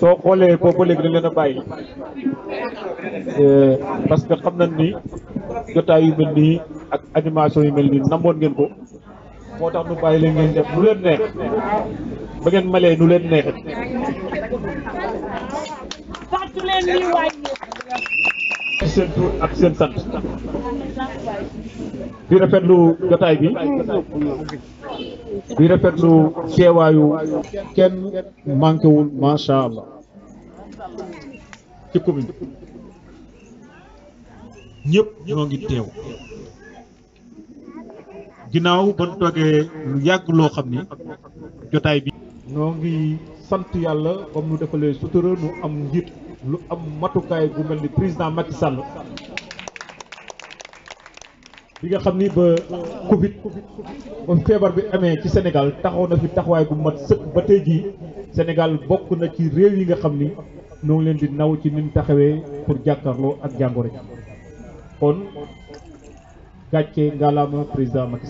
soo xoolee boobu ba léegi dañ leen a bàyyi euh, parce que xam na ni jotaay yu mel nii ak animation yu mel nii namboon ngeen ko moo tax nu bàyyi leen ngeen def nu leen neex ba ngeen malee nu leen neexee. seen tur ak seen sant di rafetlu jotaay bi di rafetlu teewaayu kenn manqué wul macha allah ci commune ñëpp ñoo ngi teew ginnaaw ba ñu toogee lu yàgg loo xam ni jotaay bi. ñoo ngi sant yàlla comme nu defalee sutura nu am njiit. lu am matukaay gu mel ni président Macky Sall bi nga xam ni ba Covid ba feebar bi amee ci Sénégal taxaw na fi taxawaay gu mat sëkk ba tey jii Sénégal bokk na ci réew yi nga xam ni ñoo ngi leen di naw ci ni taxawee pour jàkkaarloo ak jàngoro ji kon gàcce ngalaama président Macky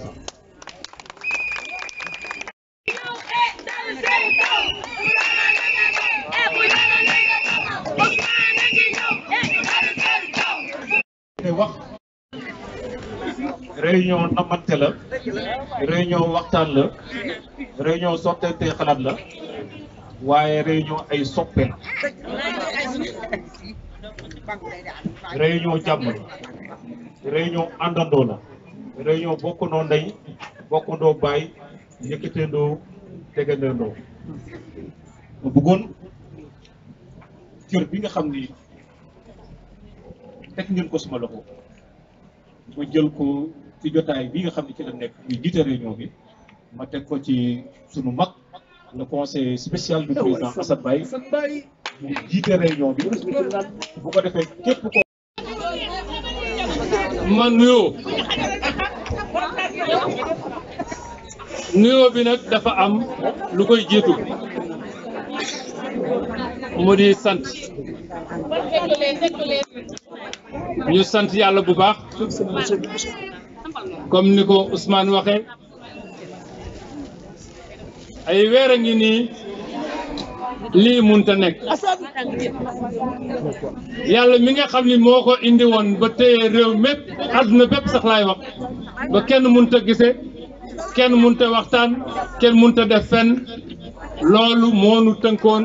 wax réunion namante la réunion waxtaan la réunion sottante xalaat la waaye réunion ay soppe la réunion jàmm la réunion àndandoo la réunion bokkandoo ndey bokkandoo baay yëkkateendoo tegandoo bëggoon cër bi nga xam ni teg ngeen ko suma loxo ma jël ko ci jotaay bi nga xam ne ci la nekk muy jiite réunion bi ma teg ko ci sunu mag le conseil spécial du président Assane Baye mu jiite réunion bi bu ko defee képp ko man nuyoo nuyoo bi nag dafa am lu koy jiitu mu di sant ñu sant yàlla bu baax comme ni ko usmaan waxe ay weer ngi nii lii munta nekk yàlla mi nga xam ni moo ko indi woon ba téye réew mépp àdduna bépp sax wax ba kenn munta gise kenn munta waxtaan kenn munta def fenn loolu moo nu tënkoon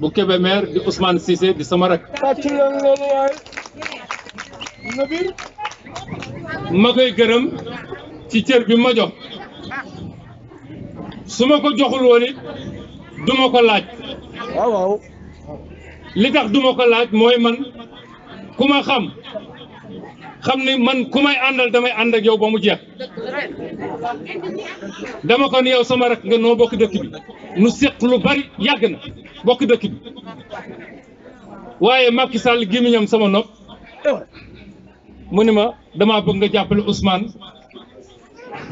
bu Kébémer di Ousmane Cissé di sama rak ma koy gërëm ci cër bi ma jox su ma ko joxul woon duma ko laaj waaw waaw li tax du ko laaj mooy man ku ma xam xam ne man ku may àndal damay ànd ak yow ba mu jeex dama ko ni yow sama rak nga noo bokk dëkk bi nu séq lu bari na bokk dëkk bi waaye Macky Sall gémmiñam sama nopp mu ni ma dama bëgg nga jàppale Ousmane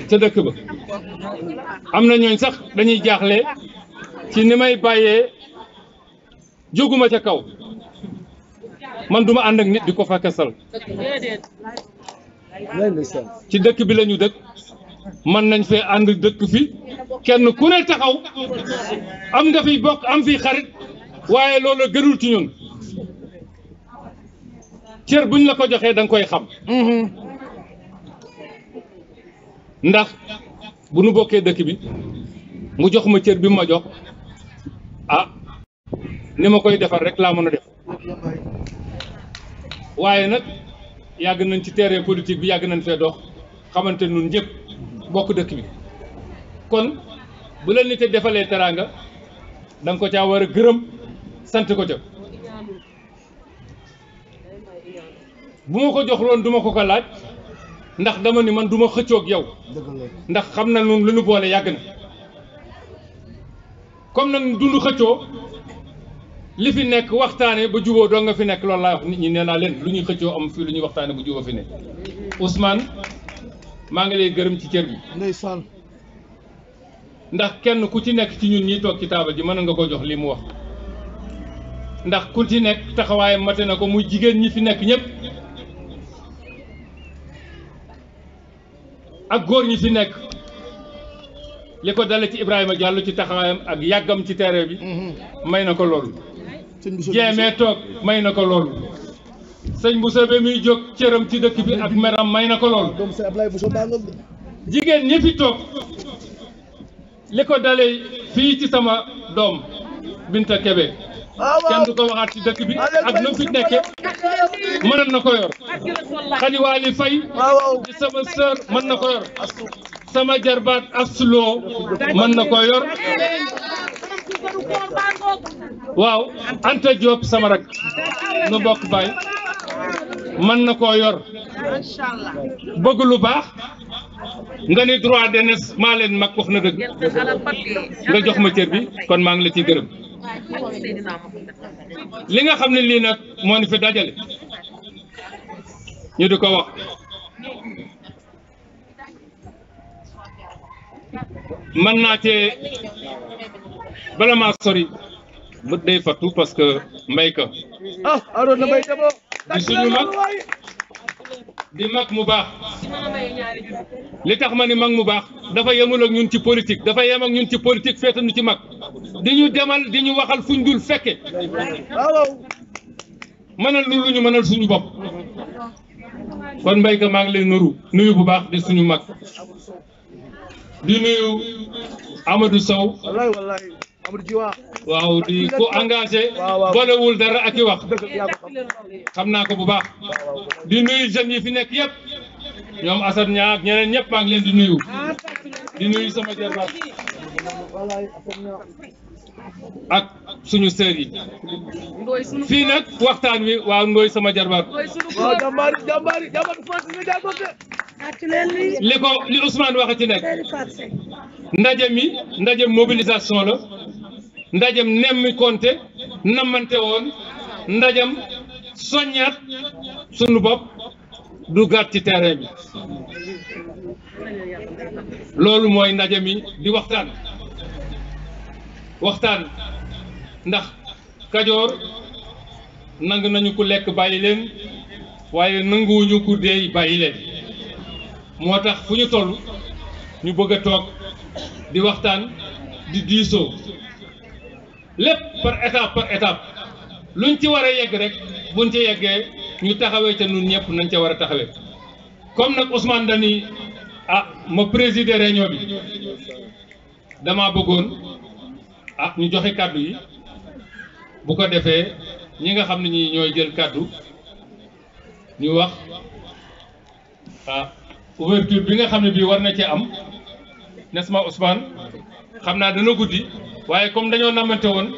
ca dëkk ba am na ñooñ sax dañuy jaaxle ci ni may bàyyee jóguma ca kaw man du ma ànd ak nit di ko fakkasal ci dëkk bi lañu dëkk man nañ fee ànd dëkk fi kenn ku ne taxaw am nga fi bokk am fi xarit waaye loolu gënul ci ñun cër buñ la ko joxee danga koy xam mm-hmm. ndax bu nu bokkee dëkk bi mu jox ma cër bi mu ma jox ah ni ma koy defar rek laa mën a def waaye nag yàgg nañ ci terrain politique bi yàgg nañ fee dox xamante nun ñëpp bokk dëkk bi kon bu la nit defalee teraanga danga nga ko caa war a gërëm sant ko ca bu ma ko jox loon duma ko ko laaj ndax dama ni man duma xëccoog yow ndax xam na nun lu ñu boole yàgg na kom nag dund xëccoo li fi nekk waxtaane ba juboo doo nga fi nekk loolu laa wax nit ñi nee naa leen lu ñuy xëccoo am fii lu ñuy waxtaane bu juboo fi ne Ousmane maa ngi lay gërëm ci cër bi ndeysaan ndax kenn ku ci nekk ci ñun ñi toog ci taabal ji mën nga ko jox li mu wax ndax ku ci nekk taxawaayam mate na ko muy jigéen ñi fi nekk ñépp ak góor ñi fi nekk li ko dale ci Ibrahima jàll ci taxawaayam ak yàggam ci terrain bi mhm. may na ko loolu jéemee toog may na ko loolu bu Bousso ba muy jóg cëram ci dëkk bi ak meram may na ko loolu jigéen ñi fi toog li ko dalee fii ci sama doom Binta Kébé ah, kenn du ko waxaat ci dëkk bi ah, ak nu fi nekke mënoon na ko yor xani fay ah, di sama sœur mën na ko yor sama jarbaat asloo mën na ko yor Wow, Anta job sama rak nu bay man nako ko yor bëgg lu baax nga ni droit d'aînés maa leen mag wax na kon maa ngi la ci gërëm li nga xam ne dajale ñu wax bala maa sori bët day fàttu parce que mbayka ah aroon na mbayka bo di suñu mag di mag mu baax li tax ma ni mag mu baax dafa yemul ñun ci politique dafa yem ak ñun ci politique féeta nu ci mag di ñu demal di ñu waxal fuñ dul fekke mënal lu lu ñu mënal suñu bopp kon mbayka maa ngi lay nuru nuyu bu baax di suñu mag di nuyu Amadou Sow waaw di ku engagé. balewul dara ak i wax. xam naa ko bu baax. di nuyu jeunes yi fi nekk yëpp. ñoom Assane ñaak ñeneen ñëpp maa ngi leen di nuyu. Ah, di nuyu sama jarbaat. ak suñu sœur yi fii nag waxtaan wi waaw Ndoye sama jarbaat li ko li Ousmane waxe ci nekk ndaje mi ndaje mobilisation la ndajem nemmi konte nammante woon ndajem soññaat suñu bopp du gàtt ci terrain bi loolu mooy ndaje mi di waxtaan waxtaan ndax kadior nang nañu ku lek bàyyi leen waaye nanguwuñu ku deey bayi len motax fuñu tollu ñu bëgg tok di waxtaan di diiso lepp par étape par étape luñ ci wara yegg rek buñ ci yeggee ñu taxawé té ñun ñëpp nañ ci wara a comme nak Ousmane dani ah ma présider réunion bi dama bëggoon ah ñu joxe kàddu yi bu ko defee ñi nga xam ne ñi ñooy jël kàddu ñu wax ah ouverture bi nga xam ne bii war na cee am n'est-ce xam naa dana guddi waaye comme dañoo namante woon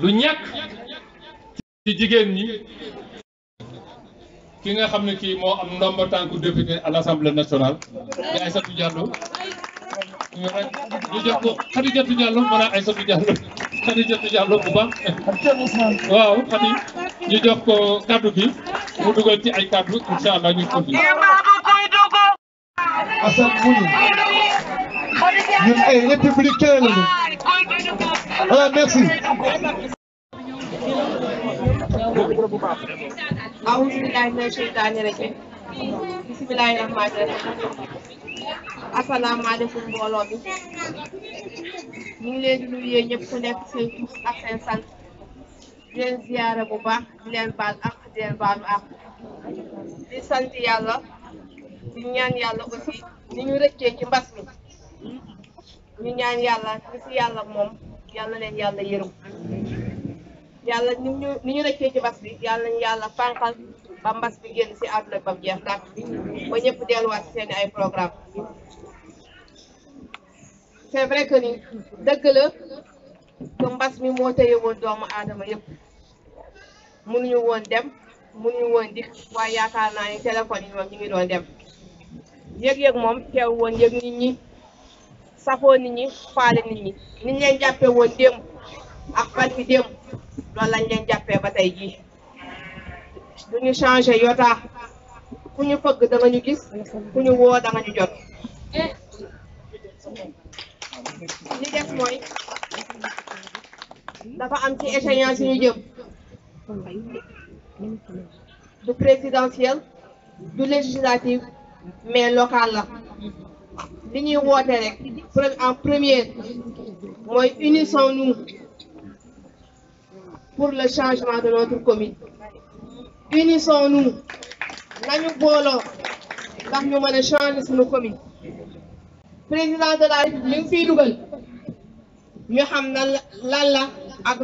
du ñàkk ci jigéen ñi ki nga xam ne kii moo am ndomba tànku député à l'Assemblée nationale di Aïssatou Diallo ñu rek ñu jot ko Khadijatou a Aïssatou Diallo xani jotu jàllo bu baax waaw xani ñu jox ko kaddu bi mu dugal ci ay kaddu incha allah ñu ko fi asal mu ni ñun ay républicain lañu voilà merci aouzu billahi mina shaytani rajim bismillahi rahmani rahim asalaamaaleykum mbooloo bi ñu ngi leen di nuyu ñëpp ku nekk seen ak seen sant leen ziyaara bu baax di leen baal ak di leen baalu ak di sant yàlla di ñaan yàlla aussi ni ñu rëccee ci mbas mi ñu ñaan yàlla ni si yàlla moom yàlla leen yàlla yërëm yàlla ni ñu ni ñu bi yàlla ñu yàlla Bambas bigyan si Adla Bagyata. O niya po dialuwat program. Siyempre ka ni, dagkala, bambas mi mo ya mo doon adam ay muni yung muni yung waya ka yang telefon yung mi doon Yag yag mom, kaya won yag ninyi, sapo ninyi, pala ninyi. yang jape won akpan mi dem, lalan yan jape batay duñu changé yota pour ñu fëgg da ñu gis nous ñu woo da ñu jot li des mooy dafa am ci échéance yi ñu jëm du présidentiel du législatif mais local la li ñuy woote rek en premier mooy unissons-nous pour le changement de notre commune unissons-nous nañu booloo ndax ñu mën a changer suñu commune président de la république nous mu fiy dugal ñu xam na lan la ak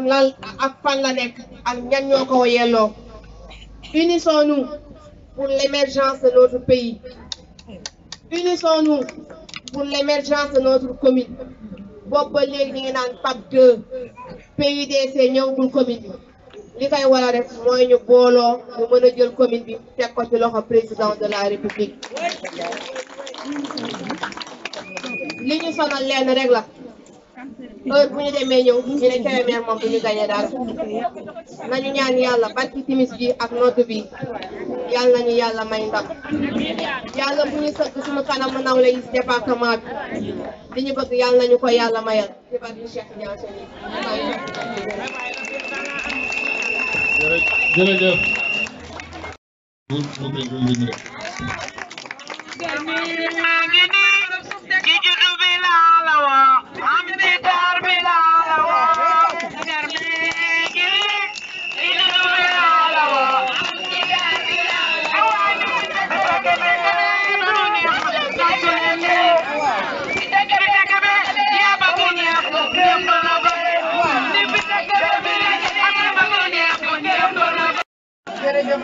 lan ak ak ñan unissons-nous pour l'émergence de notre pays unissons-nous pour l'émergence de notre commune boobu ba léegi ñu ngi naan PAP 2 PUDC ñëwagul commune li koy war a mooy ñu booloo ñu mën a jël commune bi teg ko ci loxo président de la république li ñu sonal leen rek la heure bu ñu demee ñëw ñu ne Kébémer moom du ñu gañe dara nañu ñaan yàlla barki timis bi ak nootu bi yàlla nañu yàlla may ndam yàlla bu ñu sëgg suñu kanamu nawle yi bi li ñu bëgg yàlla nañu ko yàlla mayal jërëjëf. ci juddu bi laa la woo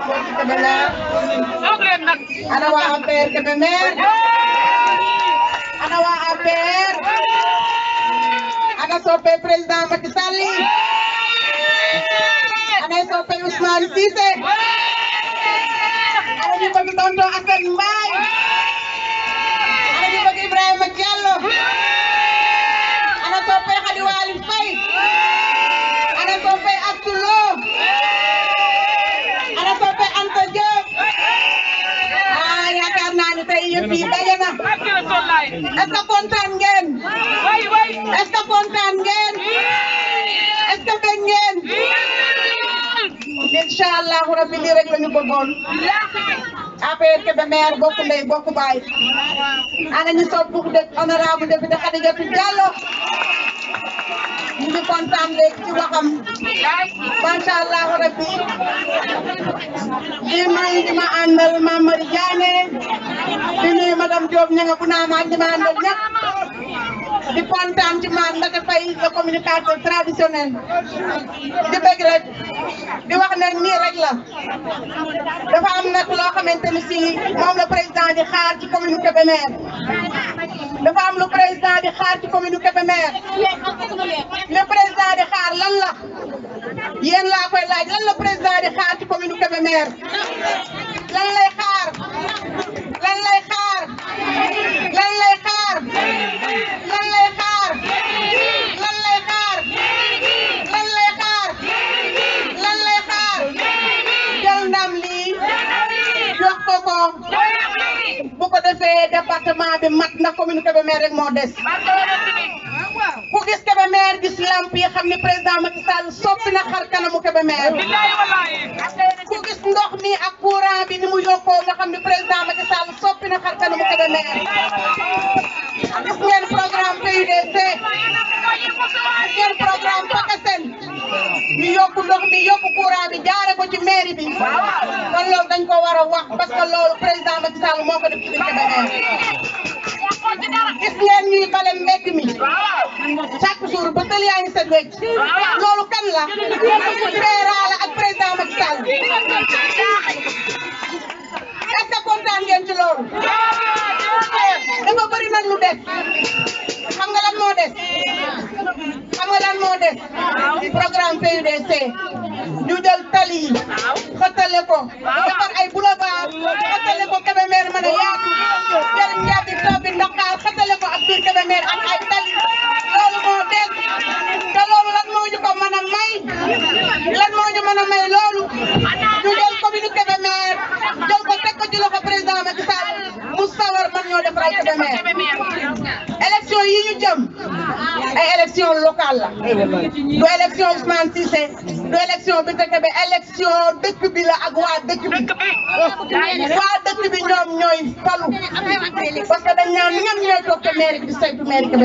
Forty Kebener Anawa Ampere Kebener Anawa Ampere Ana Sope President Ahmad Sali Ana Sope Usman Sise Ana juga Tonton Akan Ibrahim Jallo Ana Sope Hadiwa Alifai yëf yi daje na est-ce que kontaan ngeen est-ce que kontaan ngeen est-ce que bëgg ngeen incha allahu rabbi lii rek la ñu bëggoon APR Kébémer bokk ndey bokk baay ana ñu sopp dëkk honorable député Khadijatou Diallo ñu ngi kontaan léegi ci waxam macha rabbi di nuyu ñi ma àndal Mame Mary Diané di nuyu madame Diop nga bu naa ma ak ñi ma àndal ñëpp. di kontaan ci maam Ndaka Faye le communicateur traditionnel di bëgg rek di wax ne nii rek la dafa am nag loo xamante que si moom la président di xaar ci commune Kébémer que am lu président di xaar ci commune que le président di xaar lan la yéen laa koy laaj lan la président di xaar ci commune Kébémer lan lay xaar lan lay xaar lan lay xaar lan lay xaar lan lay xaar lan lay xaar lan lay xaar jël ndam lii jox ko ko bu ko defee département gis lamp yi xam ni président Macky Sall soppi na xar kanamu Kébémer. ku gis ndox mi ak courant bi ni mu yokkoo nga xam ni président Macky Sall soppi na xar kanamu Kébémer. gis ngeen programme PUDC. gis ngeen programme ñu yokk ndox mi yokk courant bi jaare ko ci mairie bi kon loolu dañ ko war a wax parce que loolu président Macky Sall moo ko def ci dëkk Dakar gis ngeen ñuy bale mbedd mi chaque jour ba tël yaa ngi set loolu kan la président la ak président Macky Sall est-ce que loolu. dafa bëri nag lu des. xam moo des. xam nga lan des. programme jël tali yi. xëttale ko. defar ay boulevard. xëttale ko Kébémer mën a yaatu. jël njaabi taw bi Ndakaar xëttale ko ak biir Kébémer am ay tali. loolu moo des. te loolu lan moo ñu ko mën a may. lan moo ñu mën a may loolu. ñu jël commune Kébémer jël ko teg ko ci loxo président Macky Sall mu sawar man ñoo def right to the maire élection yi ñu jëm ay eleição locale la du élection Ousmane Cissé du élection bi te kebe élection dëkk bi la ak waa dëkk que dañ naan ñoom ñooy toog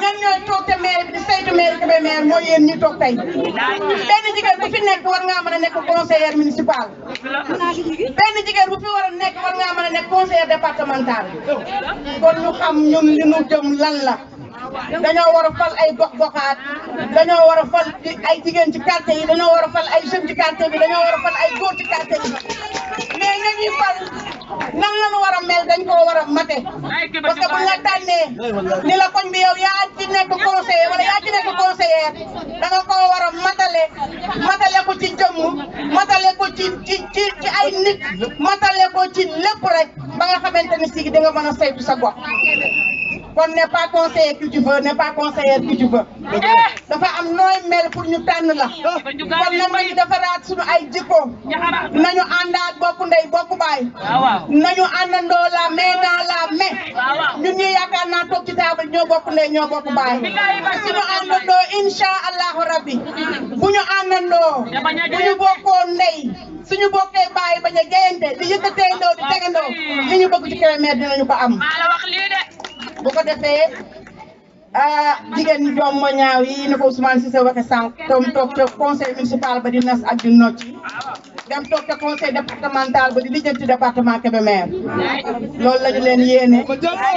ñan ñooy toog te maire bi di saytu maire Kébémer mooy yéen ñu toog tey benn jigéen bu fi nekk war ngaa mën a nekk conseillère municipal benn jigéen bu fi war a nekk war ngaa mën a nekk conseillère départemental kon ñu xam ñun li ñu jëm dañoo war a fal ay gox goxaat dañoo war a fal ay jigéen ci yi dañoo war a fal ay jeunes ci quartier bi dañoo war a fal yi fal nan la ñu war a mel dañ koo war a mate parce que bu nga tànnee ni la koñ bi yow yaa ci nekk conseiller wala yaa ci koo war a matale matale ko ci jëmm matale ko ci ay nit matale ko ci lépp rek ba nga xamante ni si di nga mën a saytu sa gox. kon n'est pas conseiller qui tu veux n'est pas conseillère qui tu veux eh! dafa am nooy mel pour ñu tànn la kon nag nañu defaraat suñu ay jikko nañu àndaat bokku ndey bokku baay nañu àndandoo la main dans la main ñun ñu yaakaar naa toog ci table ñoo bokku ndey ñoo bokku baay suñu àndandoo insha allahu rabbi bu ñu àndandoo bu ñu bokkoo ndey suñu bokkee baay bañ a jeyante di yëkkateendoo di tegandoo li ñu bëgg ci Kébémer dinañu ko am bu ko defee ah, jigéen ñi doom ma ñaaw yi ni ko Ousmane Cissé waxe sànq doom toog ca conseil municipal ba di nas ak di nocc dem toog ca conseil départemental ba di lijjanti département Kébémer loolu la ñu leen yéene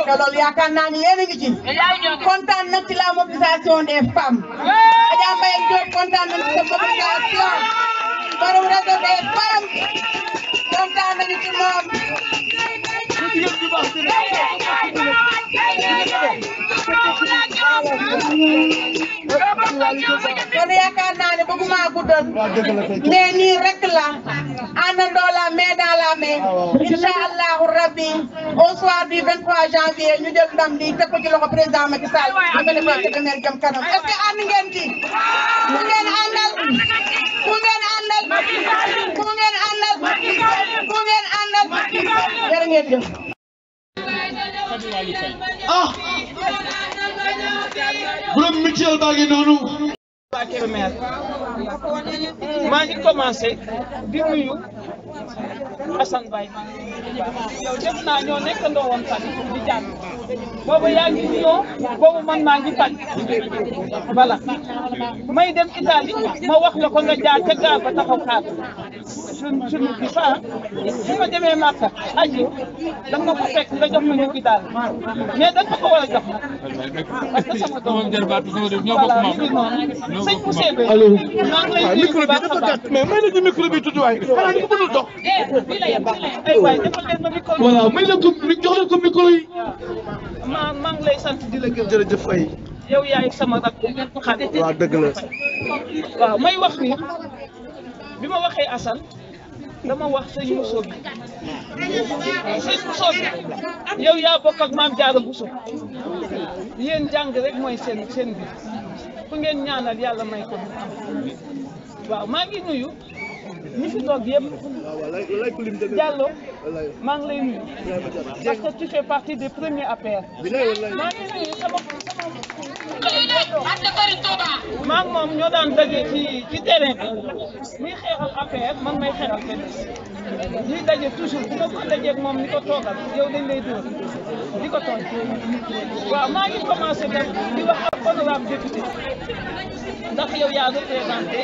te loolu yaakaar naa ni yéen a ngi ci kontaan nag ci la mobilisation des femmes Adja Mbaye Diop kontaan nañ ci mobilisation borom réseau des femmes kontaan nañu ci moom kon yaakaar naa ne bëgguma guddal mais nii rek la àndandoo la main dans la main incha allahu rabbi au soir du 23 janvier ñu jël ndam li teg ko ci loxo président Macky Sall amee na ko demeer jëm kanam est ce que ànd ngeen ci ku ngeen àndal ku ngeen àndal ku ngeen àndal ku ngeen àndal jërë ngeen jëf Hadj Malick Faye ah borom mutuel baa ngi noonu maa ngi commencé di nuyu Assane Baye yow def naa boobu yaa ngi ñëw boobu man maa ngi fan voilà may dem Italie ma wax la ko nga jaar ca gaal taxaw xaar sunu ah. bi fa su ma demee Màkka aji da nga ko fekk nga jox ma ñu Italie mais da nga ko war a jox nag sëñ Moussa Gueye. allo waaw micro bi dafa gàtt mais lay sant di la gërëm. jërëjëf Faye. yow yaay sama rak xarit. waaw dëgg la. may wax ni bi ma waxee Assane dama wax sëñ Moussa bi sëñ Moussa bi yow yaa bokk ak maam Diarra jàng rek mooy seen seen bi. ku ngeen ñaanal yàlla may ko waaw maa ngi nuyu ñi fi toog yëpp Diallo maa ngi lay nuyu parce que tu fais partie des premiers appels maa ngi nuyu sama sama maak moom ñoo daan daje ci ci terrain bi muy xeexal affaire man may xeexal benn ñuy daje toujours bu ma ko dajeeg moom ni ko toogal yow dañ lay dóor di ko tooñ waaw maa ngi commencé nag di wax ak honorable député ndax yow yaa représenté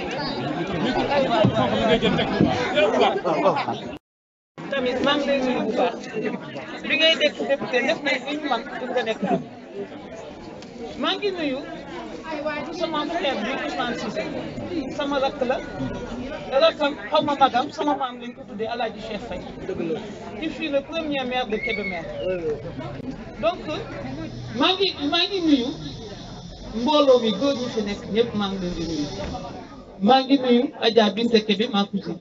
tamit maa ngi lay nuyu bu baax bi ngay nekk député def nañ li ñu mën pour nga nekk maa ngi nuyu sama frère bi Ousmane Cissé sama rakk la rakkam xaw ma magam sama maam lañ ko tuddee El Hadj Cheikh Faye. il fut le premier maire de Kébémer. donc maa ngi maa ngi nuyu mbooloo mi góor ñi fi nekk ñëpp maa ngi nuyu. maa ngi nuyu Adja Binte Kébé maa ko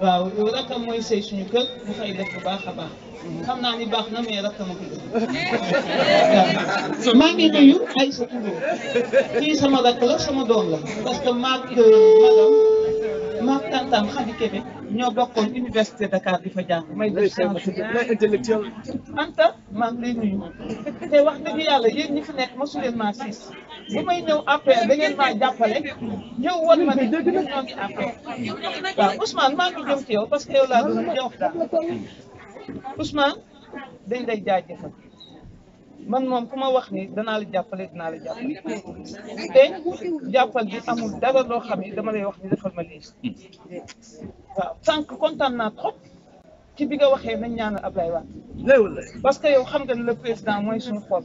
waaw yow rakam mooy sëy suñu kër mu koy def bu baax a baax xam naa ni baax na mais rakam ak waaw maa ngi nuyu ay sa tudd kii sama rak la sama doom la parce que maag madame maak tantam Khady Kébé ñoo bokkoon université Dakar di fa jàng may def intellectuel Anta maa ngi lay nuyu te wax dëgg yàlla yéen ñi fi nekk mosu leen maa siis bu may ñëw APR da ngeen maa jàppale ñëw woon ma ne ñun ñoo ngi APR waaw Ousmane maa ngi jëm yow parce que yow laa doon jox daal Ousmane dañ lay jëfal man moom ku ma wax ni danaa la jàppale dinaa la jàppale te jàppal bi amul dara loo xam ne dama lay wax ni defal ma lii waaw sànq kontaan naa trop ci bi nga waxee nañ ñaanal Ablaye Wade eh, parce que yow xam nga ne le président mooy suñu xol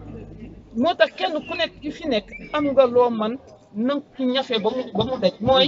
moo tax kenn ku nekk ki fi nekk am nga loo man nang ci ñafe ba mu ba mu daj mooy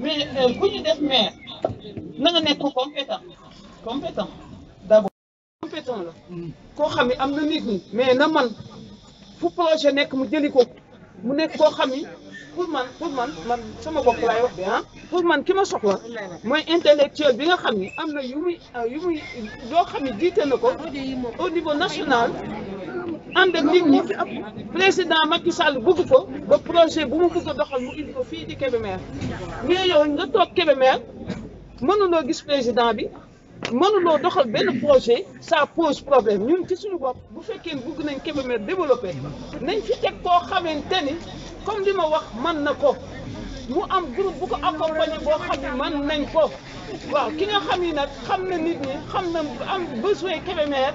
mais ku euh, ñu def maire na nga nekk ko compétent compétent d'abord compétent la koo xam ne am na nit ñi mais na man fu projet nekk mu jëli ko mu nekk koo xam ni pour man pour man man sama bopp laay wax ah. pour man ki ma soxla mooy intellectuel bi nga xam ni am na yu muy yu muy yoo xam ne jiite na ko au niveau national ànd ak président Macky Sall bëgg ko ba projet bu mu bëgg a doxal mu indi ko fii di Kébémer mais yow nga toog Kébémer mënuloo gis président bi mënuloo doxal benn projet ça pose problème ñun ci suñu bopp bu fekkee bëgg nañ Kébémer développé nañ fi teg koo xamante ni comme li ma wax man na ko mu am groupe bu ko accompagné boo xam ne mën nañ ko waaw ki nga xam ni nag xam na nit ñi xam na am besoin Kébémer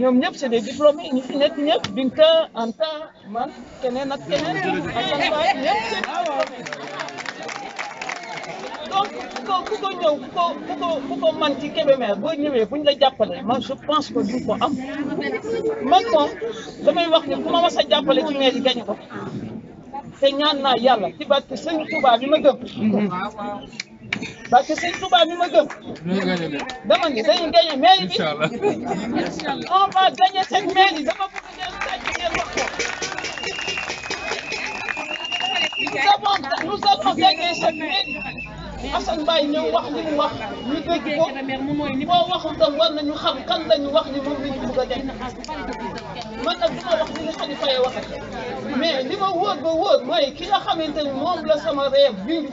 ñoom ñëpp c'est des diplômés fi nekk ñëpp Binta Anta man keneen ak keneen Assane Faye ñëpp c'est des donc ku ko ku ku ko ku ko ku ko man ci Kébémer boo ñëwee fuñ la jàppale man je pense que duñ ko am man moom damay wax ni ku ma jàppale ci mairie gañ ko te ñaan naa yàlla ci barke Sëñ Touba bi ma gëm ba ki sun zuba ni magan dama ni sai in ga ya meri insha Allah oh ba ga ya sai meri dama ku ga ta ki ne ba nous allons gagner cette mairie Assane Mbaye ñëw wax li mu wax ñu dégg ko boo waxul tam war nañu xam kan la ñu wax ni moom la ñu bugg a def man nag duma wax li nga xam ne fay waxee mais li ma wóor ba wóor mooy ki nga xamante ni moom la sama réew bind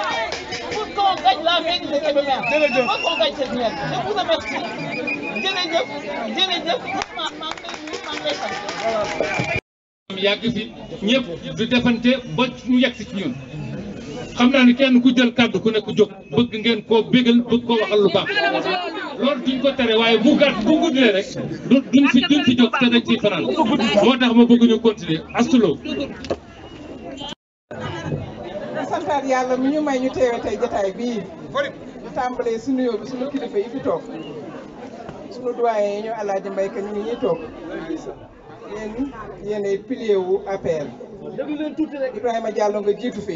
la mairie de Kébémer. jërëjëf ma convaincre maire je vous yàgg fi ñëpp du defante ba ñu yegg ci ñun xam naa ne kenn ku jël kàddu ku nekku jóg bëgg ngeen koo bégal bëgg koo waxal lu baax loolu duñ ko tere waaye bu gàtt bu guddee rek du duñ fi duñ fi jóg te dañ ciy faral moo tax ma bëgg continuer astuloo. santaat yàlla mi ñu may ñu teewe tey jataay bii ñu tàmbalee si nuyoo bi suñu kilifa yi fi toog suñu doyen yi ñoo alaaji mbay ka ñu ngi ñuy toog yéen yéenay pilier wu APR Ibrahima nga jiitu fi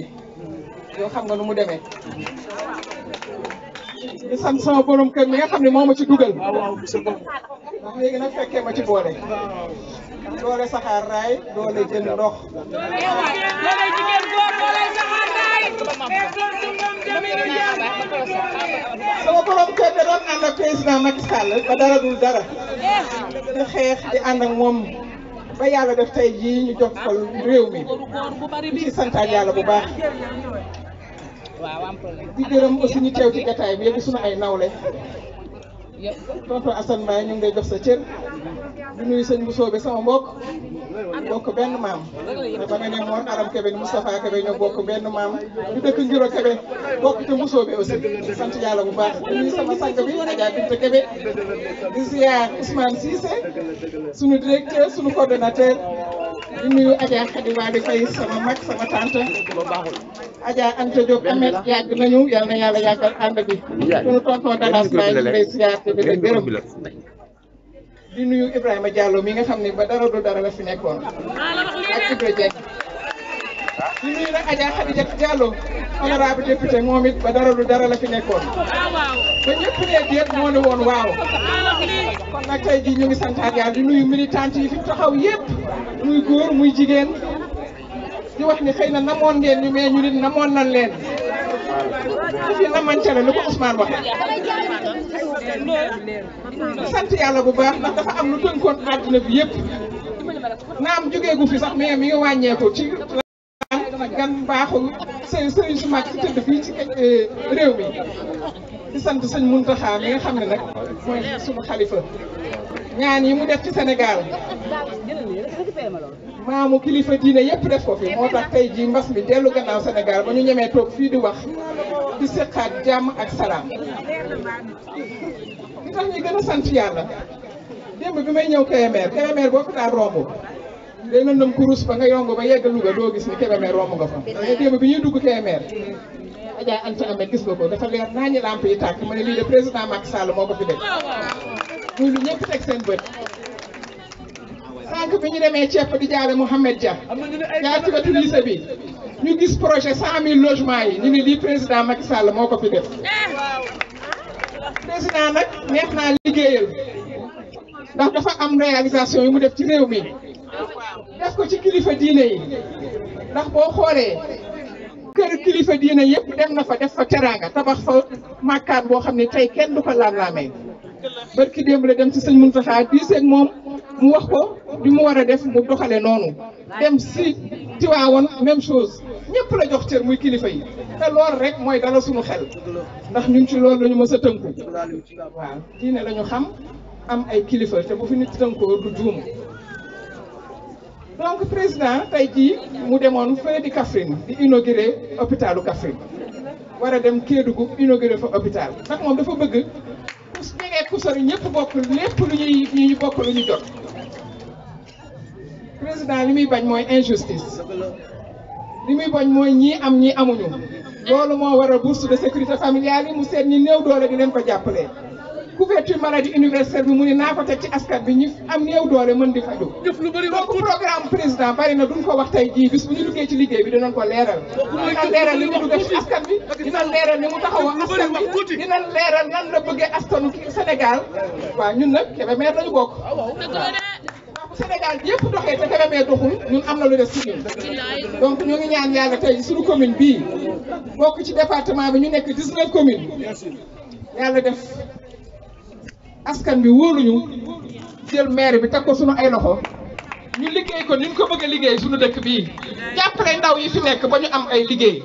yoo xam nga nu mu demee di sant sama borom kër mi nga xam ne moom ma ci dugal ah, ndax léegi nag fekkee ma ci boole doole saxaar raay doole jënd ndox doole sama borom kër da doon ànd ak président Macky Sall ba dara dul dara di xeex di ànd ak moom ba yàlla def tey jii ñu jox ko réew mi ñu ci santaat yàlla bu baax di gërëm aussi ñu teew ci gataay bi yëpp sunu ay nawle tonton Assane Mbaye ñu ngi lay jox sa cër du di seen sëñ Mbusoobe sama mbokk bokk benn maam ba nga ne moon Aram Kebe ni Moustapha Kebe ñoo bokk benn maam ñu dëkk Njuro Kebe bokk te Mbusoobe aussi sant yàlla bu baax di nuyu sama sang bi Adja Binta Kebe di ziar Ousmane Cissé suñu directeur suñu coordonnateur di nuyu Adja Khady Wade Faye sama mag sama tante Adja Anta Diop Amet yàgg nañu yal na yàlla yàggal ànd bi suñu tonton Dalas Mbaye ñu lay ziar te di la di nuyu Ibrahima Diallo mi nga xam ni ba dara du dara la fi nekkoon ak Ibra Dieng di nuyu nag Adja Khadija Diallo honorable député moom it ba dara du dara la fi nekkoon ba ñëpp ne déet moo ne woon waaw nag tey jii ñu ngi santaat yàlla di nuyu militante fi taxaw yëpp muy góor muy jigéen di wax ni xëy na namoon ngeen ñu mais ñu nit namoon nañ leen fi namante la ni ko Ousmane waxee sant yàlla bu baax ndax dafa am lu tënkoon àddina bi yëpp naam jógeegu fi sax mais mi ngi wàññeeku ci lan gan baaxu sëriñ sëriñ su mag ci tëdd fii ci eh, réew mi di sant sëñ Muntaxa mi nga xam ne nag mooy suñu xalifa ñaan yi mu def ci Sénégal maamu kilifa diine yépp def ko fi moo tax tey jii mbas mi dellu gannaaw Sénégal ba ñu ñemee toog fii di wax di seqaat jàmm ak salaam li tax ñu gën a sant yàlla démb bi may ñëw Kébémer Kébémer boo ko daan romb day lëndëm kurus ba nga yong ba yegg Louga doo gis ni Kébémer romb nga fa waaye démb bi ñuy dugg Kébémer Adja Anta Amé gis nga ko dafa leer naa ñu lamp yi tàkk ma ne lii de président Macky Sall moo ko fi def muy lu ñëpp teg seen bët sànq bi ñu demee ceeb di jaare Mouhamed Dia jaar ci wetu lycée bi ñu gis projet cent mille logements yi ñu ni lii président Macky Sall moo ko fi def président nag neex naa liggéeyal ndax dafa am réalisation yu mu def ci réew mi def ko ci kilifa diine yi ndax boo xoolee kër kilifa diine yëpp dem na fa def fa teraanga tabax fa màkkaan boo xam ne tey kenn du ko laam-laamee barki démb la dem si mun Mountakha diiseeg moom mu wax ko di mu war a def mu doxale noonu dem si Tiwaawoon même chose ñëpp la jox cër muy kilifa yi te loolu rek mooy dala suñu xel ndax ñu ci loolu la ñu mës a tënku waaw diine la ñu xam am ay kilifa te bu fi nit tënkoo du juum donc président tey jii mu demoon fële di Kaffrine di inauguré hôpitalu Kaffrine war a dem Kédougou inauguré fa hopital ndax moom dafa bëgg su jege ku sori ñëpp bokk lépp lu ñuy ñu bokk lu ñu jot président li muy bañ mooy injustice li muy bañ mooy ñii am ñii amuñu loolu moo waral bourse de sécurité familiale yi mu seet ñi néew doole di leen ko jàppale. couverture maladie universelle bi mu ne naa ko teg ci askan bi ñu am néew doole mën di faju donc programme président bari na duñ ko wax tey jii bis bu ñu duggee ci liggéey bi dinañ ko leeral dinañ leeral bi dinañ leeral li mu taxawoo askan bi dinañ leeral la bëggee askanu kii Sénégal waaw ñun nag Kébémer dañu bokk Sénégal yëpp doxee te Kébémer doxul ñun am na lu des ci ñun donc ñu ngi ñaan yàlla tey suñu commune bii bokk ci département bi ñu nekk 19 communes yàlla def askan bi wóoluñu jël maire bi teg ko sunu ay loxo ñu liggéey ko ni ñu ko bëgg a liggéey suñu dëkk bii jàppale ndaw yi fi nekk ba ñu am ay liggéey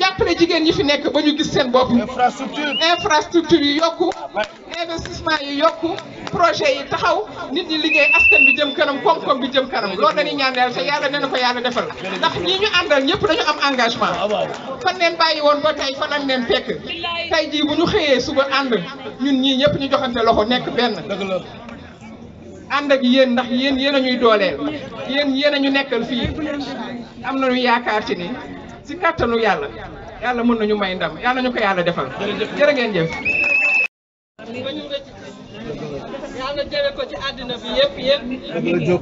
jàppale jigéen yi fi nekk ba ñu gis seen bopp infrastructure infrastructure yi yokk yokku investissement yi yokku projet yi taxaw nit ñi liggéey askan bi jëm kanam koom-koom bi jëm kanam loolu dañuy ñaanal te yàlla nee na ko yàlla defal ndax ñi ñu àndal ñëpp dañu am engagement fan leen bàyyi woon ba tey fan ak leen fekk tey jii bu ñu xëyee suba ànd ñun ñii ñëpp ñu joxante loxo nekk benn ànd ak yéen ndax yéen yéen a ñuy dooleel yéen a ñu nekkal fii am nañu yaakaar ci ni si kàttanu yàlla yàlla mën nañu may ndam yàlla ñu ko yàlla defal jërë ngeen yàlla jële ko ci àddina bi yëpp yëpp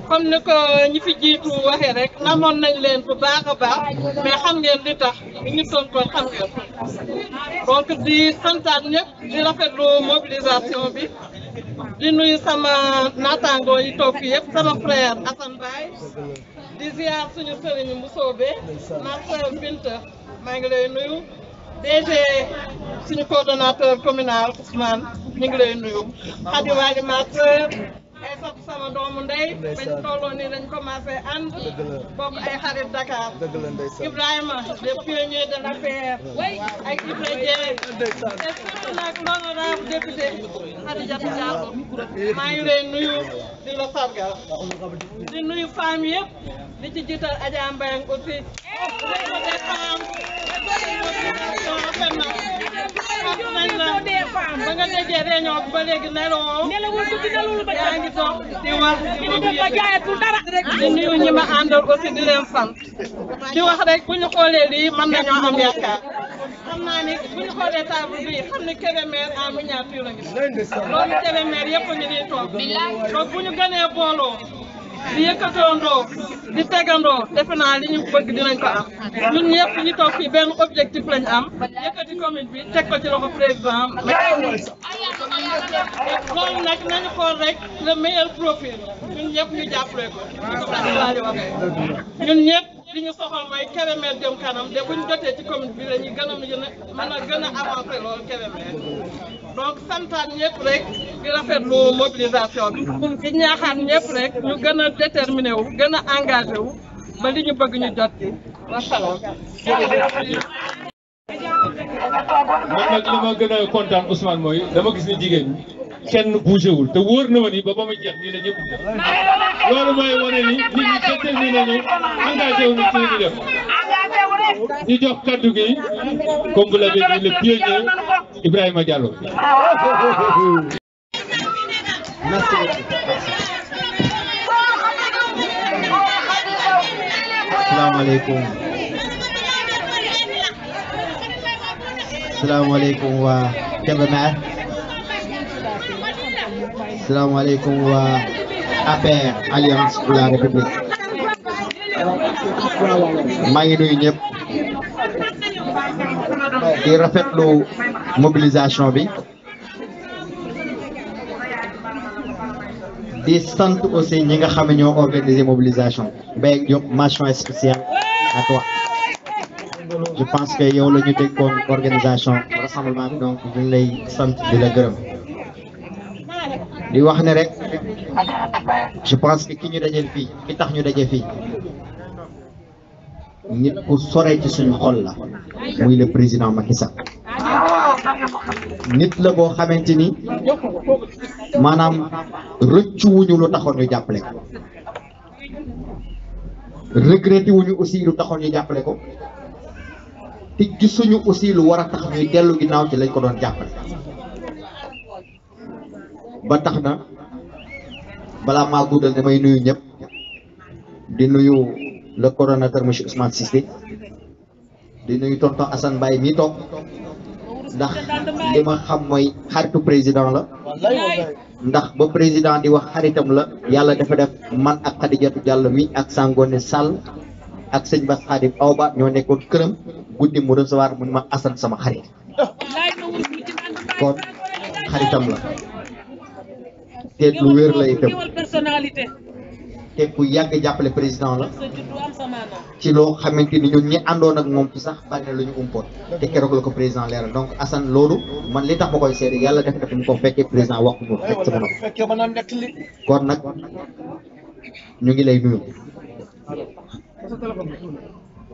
comme ni ko ñi fi jiitu waxee rek namoon nañ leen bu baax a baax mais xam ngeen li tax li ñu tontoon xam ngeen donc di santaan ñëpp di rafetlu mobilisation bi di nuyu sama naataangoo yi toog fii yëpp sama frère Assane Baye di ziar suñu sëriñ bu soobee ma sœur Binta maa ngi lay nuyu DG suñu coordonnateur communal Ousmane ñu ngi lay nuyu Khady Wade Aïssatou sama doomu ndey bañ tolloo nii lañ commencé ànd bokk ay xarit Dakar Ibrahima le pionnier de l'APR ak Ibrahima et surtout nag l'honorable député Khadijatou Diallo maa ngi lay nuyu di la sargal di nuyu femmes yëpp di ci jiital Adja Mbayang aussi ba nga déggee réunion ba léegi nelawoo nelawul tuuti nelawul ba di nuyu ñi ma àndal aussi di leen sant di wax rek bu ñu xoolee lii mën nañoo am yaakaar xam naa ni bu xoolee table bii xam ni Kébémer en miniature la ngi loolu Kébémer yëpp ñu nii toog ba bu ñu gënee booloo di yëkkatoondoo di tegandoo defe naa li ñu bëgg dinañ ko am ñun ñëpp ñu toog fii benn objectif lañ am yëkkati commune bi teg ko ci loxo président loolu nag nañu xool rek le meilleur profil ñun ñëpp ñu jàppale ko ñun ñëpp li ñu soxal mooy Kébémer jëm kanam de bu ñu jotee ci commune bi dañuy gën a mën a gën a avancer loolu Kébémer donc santaan ñëpp rek di lu mobilisation bi. di ñaaxaan ñëpp rek ñu gën a déterminé wu gën a engagé wu ba li ñu bëgg ñu jot ci wasalaam. man nag li ma gën mooy dama gis ni jigéen ñi. kenn bougéwul te wóor na ma ni ba ba ma jeex nii la ñëpp def loolu mooy wane ni nit ñi déterminé nañu engagé wu ñu ci li ñu def ñu jox kaddu gi comme vous l'avez dit le pionnier Ibrahima Diallo. merci beaucoup. asalaamaaleykum. asalaamaaleykum waa Kébémer. Salam alaikum wa APR Alliance pour la République maa ngi nuyu ñëpp di la mobilisation des centres aussi nous avons organisé ñoo organiser mobilisation Mbaye match spécial spéciale à toi je pense que nous avons ñu organisation rassemblement donc ñu lay sant de la grève di wax ne rek je pense que ki ñu dajel fi ki tax ñu dajé fi nit ku soré ci suñ xol la muy le président Macky Sall nit la bo xamanteni manam reccu wuñu lu taxoon ñu jappalé ko regretté wuñu aussi lu taxoon ñu jappalé ko te gisunu aussi lu wara tax ñu dellu ginnaw ci lañ ko doon jappalé ba taxna bala ma maa guddal damay nuyu ñep di nuyu le coordonnateur monsieur Ousmane Cissé di nuyu tonton Assane Baye mi tok ndax li ma xam moy xaritu président la ndax ba président di wax xaritam la yalla dafa def man ak khadijatu Diallo mi ak Sangone sal ak seigne Bass Khadim Awba ño nekkon kërëm guddi mu recevoir mu ma Assane sama xarit kon xaritam la te ku wér la itam personnalité te ku yàgg jàppale président la ci loo xamante ñun ñi àndoon ak moom sax bari na lu ñu umpoon la ko président leeral donc Assane loolu man li tax ma koy seede def na ko président ko sama kon ñu ngi lay nuyu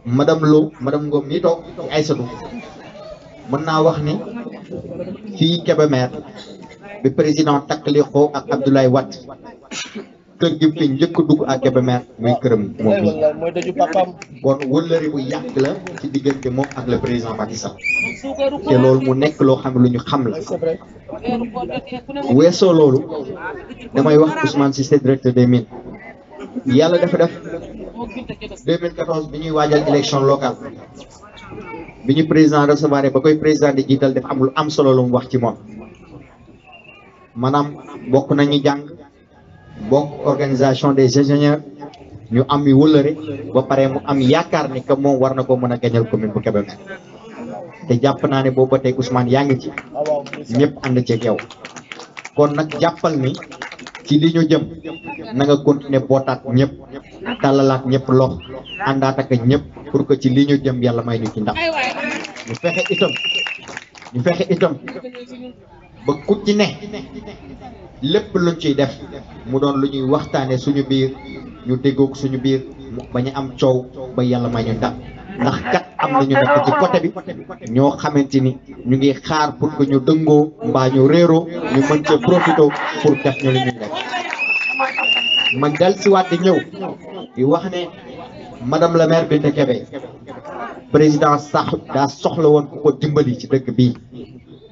madame Lo madame Ngom mi toog ay sadu mën naa wax ni bi président takkali xoo ak abdoulay wat kër gi fi njëkk dugg ak ba mer muy këram moom bi kon wëllëri bu yàgg la ci diggante moom ak le président Macky Sall te loolu mu nekk loo xam ne lu ñu xam la weesoo loolu damay wax Ousmane Cissé directeur des mines yàlla dafa def 2014 bi ñuy waajal élection locale bi ñu président recevoir ba koy président digital def amul am solo lu mu wax ci moom maanaam bokk nañu jàng bokk organisation des ingénieurs ñu am yu wëllëre ba pare mu am yaakaar ni que moom war na ko mën a gañal commune bu Kébémer te jàpp naa ne boobu ba tey Ousmane yaa ngi ci ñëpp ànd ceeg yow kon nag jàppal ni ci li ñu jëm na nga continuer bootaat ñëpp tàllalaat ñëpp lox àndaat ak ñëpp pour que ci li ñu jëm yàlla may ñu ci ndax ñu fexe itam ñu fexe itam ba ku ci ne lepp lu ci def mu doon lu ñuy waxtane suñu biir ñu ko suñu biir baña am ciow ba yalla ma ñu ndam ndax kat am nañu nek ci côté bi ño xamanteni ñu ngi xaar pour ko ñu mba ñu ñu mën ci profito pour def ñu li ñu nekk ma dal ci wat di ñew di wax ne madame la maire te kebe président sax da soxla won ku ko dimbali ci dëkk bi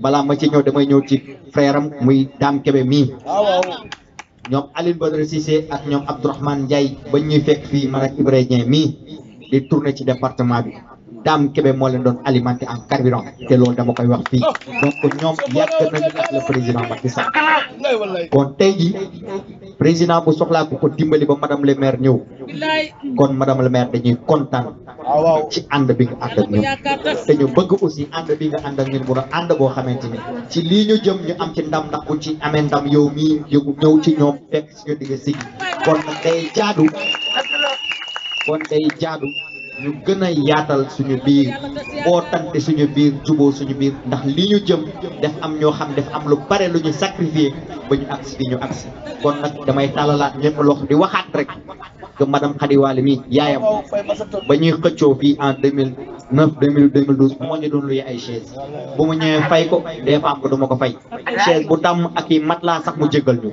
bala ma ci ñew damay ñew ci fréram muy dam kebe mi ñom aline badr cissé ak ñom abdourahman ndjay bañ ñuy fekk fi man ak mi di tourner ci département bi Dame Kébé moo leen doon alimenté en carburant te loolu dama koy wax fii donc ñoom yàgg nañu ak président Macky Sall kon tey jii président bu soxlaa ku ko dimbali ba madame le maire ñëw kon madame le maire dañuy kontaan ci ànd bi nga ànd ak te ñu bëgg aussi ànd bi nga ànd ak ñun bu doon ànd boo xamante ni ci lii ñu jëm ñu am ci ndam ndax bu ci amee ndam yow mii ñëw ci ñoom fekk si ñu digg si kon day jaadu kon day jaadu. ñu gën a yaatal suñu biir bootante suñu biir juboo suñu biir ndax li ñu jëm def am ñoo xam def am lu bare lu ñu sacrifié ba ñu agsi bi ñu agsi kon nag damay tàllalaat ñëpp loxo di waxaat rek que madame Khady Wally mi yaayam ba ñuy xëccoo fii en 2009 2012 moo ñu doon luy ay chaise bu ma ñëwee fay ko des fois duma ko fay chaise bu tàmm ak yi mat laa sax mu jégal ñu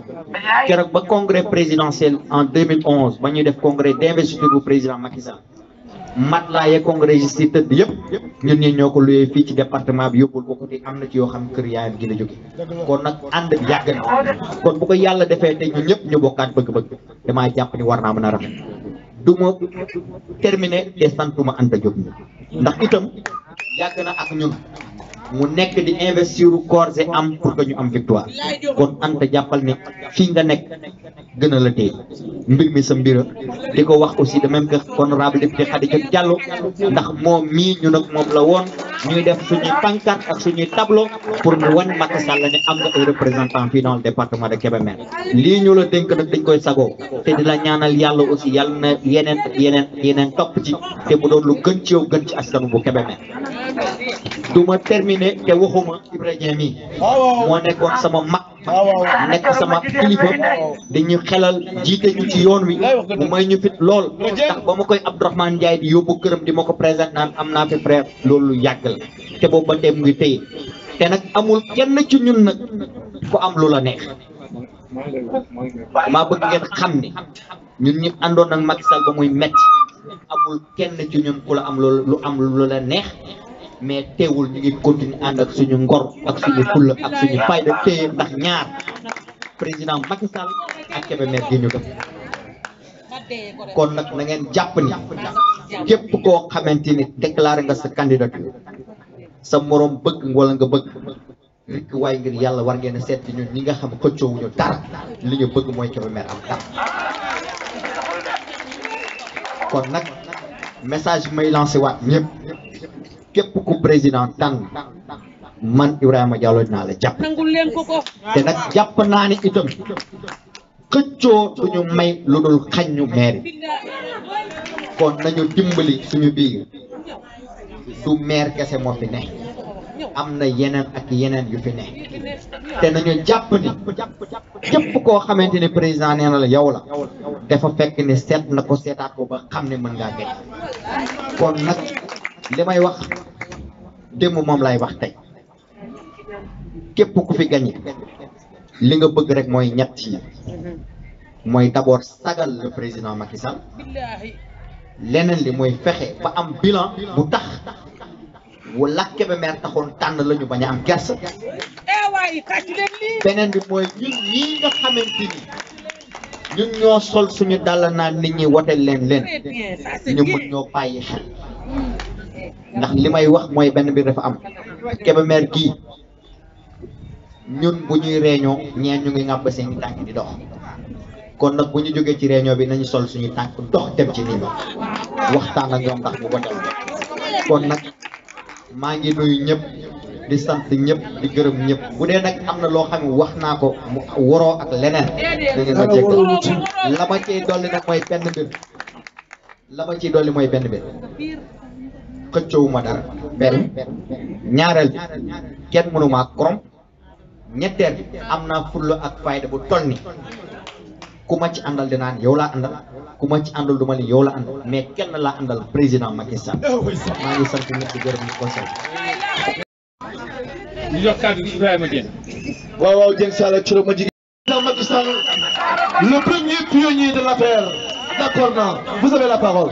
keroog ba congrès présidentiel en 2011 ba ñuy def congrès d'investiture bu président Macky matelas yeeg congrégiste yi tëdd yëpp ñun ñii ñoo ko luyee fii ci département bi yóbbul ko ko te am na ci yoo xam kër yaayam gi la jóge kon nag ànd yàgg na kon bu ko yàlla defee tey ñun ñëpp ñu bokkaat bëgg-bëgg damaa jàpp ni war naa mën a rafet du ma terminé te santuma Anta Diop ndax itam yàgg na ak ñun mu nek di investir corps et am pour que ñu am victoire kon Anta jappal ne fi nga nek gëna la té mbir mi sa mbira di wax aussi de même que honorable député Khadija Diallo ndax mom mi ñu nak mom la won ñuy def suñu pancarte ak suñu tableau pour ñu wone Macky Sall ne am nga représentant fi dans le département de Kébémer li ñu la dénk nak dañ koy sago té dila ñaanal Yalla aussi Yalla na yenen yenen yeneen ci té bu doon lu gën ci yow gën ci askanu bu Kébémer duma terminer terminé te waxuma Ibrahima mi moo nekkoon sama mag nekk sama kilifa dañu xelal jiite ñu ci yoon wi mu may ñu fit lool ndax ba ma koy Abdourahmane Ndiaye di yóbbu këram di ma ko présenté naan am naa fi frère loolu yàgg la te boobu ba mu ngi téye te nag amul kenn ci ñun nag ku am lu la neex maa bëgg ngeen xam ne ñun ñu àndoon ak mag Sall ba muy metti amul kenn ci ñun ku la am lu lu am lu la neex mais téwul ñu ngi continuer and ak suñu ngor ak suñu fulla ak suñu fay de téye ndax ñaar président Macky Sall ak kébé mère gi ñu def kon nak na ngeen japp ni képp ko xamanteni déclarer nga sa candidature sa morom bëgg wala nga bëgg rek way ngir yalla war ngeen a seet ñun ñi nga xam xëccoowuñu dara li ñu bëgg moy kébé mère am dara kon nak message may lancer wat ñëpp képp ku président tànn man Ibrahima Diallo naa la jàpp nangul te nag jàpp naa ni itam xëccoo du ñu may lu dul xañ ñu maire kon nañu dimbali suñu biir du maire kese moo fi ne am na yeneen ak yeneen yu fi ne te nañu jàpp ni képp koo xamante ni président nee na la yow la dafa fekk ni seet na ko seetaat ko ba xam ne mën ngaa gën kon nag li may wax démb moom lay wax tey képp ku fi gagné li nga bëgg rek mooy ñett yi mooy d'abord sagal le président Macky leneen li mooy fexe ba am bilan bu tax wala Kébémer taxoon tànn la ñu bañ a am gerte eh beneen bi mooy ñun ñii nga xamante ni ñun ñoo sol suñu dàll naa nit ñi wote leen leen ñu mën ñoo bàyyi xel ndax li may wax mooy benn biir dafa am Kébémer gii ñun bu ñuy réunion ñeen ñu ngi ngàbb seen tànk di dox kon nag bu ñu jógee ci réunion bi nañu sol suñu tànk dox dem ci nii waxtaan ak ñoom ndax ñu botal kon nag maa ngi nuyu ñëpp di sant ñëpp di gërëm ñëpp bu dee nag am na loo xam wax naa ko mu waroo ak leneen da ngeen ma jéggal la ma ciy dolli nag mooy benn mbir la ciy dolli mooy benn mbir xëccoowuma dara benn ñaareel kenn mënumaa korom ñetteel am naa fulla ak fayda bu toll ni ku ma ci àndal dinaan yow laa àndal ku ma ci àndal du ma ni yow la àndal mais kenn laa àndal président Macky Sall oh, maa ngi sant ñëpp di gërëm di conseil ñu jox kàddu gi Ibrahima Dieng waaw waaw Dieng Sall ak Thioro ma jigéen Macky Sall le d'accord non vous avez la parole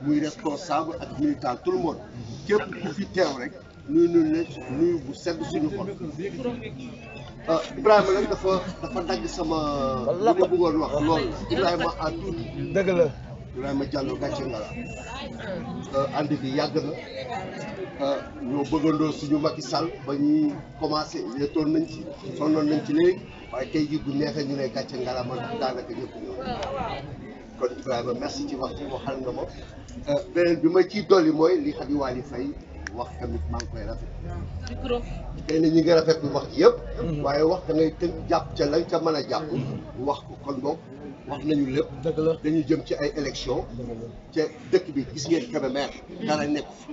muy responsable ak militant tout le monde képp ku fi teew rek nuyu nuyu la nuyu bu sedd suñu xol ah, Ibrahima nag dafa dafa dagg sama lu ma bëggoon wax loolu Ibrahima en tout dëgg la Ibrahima Diallo gàcce nga la ah, ànd bi yàgg na ah, ñoo bëggandoo suñu Macky Sall ba ñuy commencé yéetoon nañ ci sonnoon nañ ci léegi waaye tey jii bu neexee ñu lay gàcce nga la man daanaka ñëpp ñëw kon Ibrahima merci ci wax ci waxal nga ma euh, beneen bi ma ciy dolli mooy li Khady Wally Faye wax tamit maa ngi koy rafet tey na ñi nga rafet bu wax ci yëpp mhm. waaye wax da ngay tënk jàpp ca lañ ca a jàpp mhm. wax ko kon boog wax nañu lépp dëgg la dañu jëm ci ay élection ca dëkk bi gis ngeen Kébémer dara nekk fi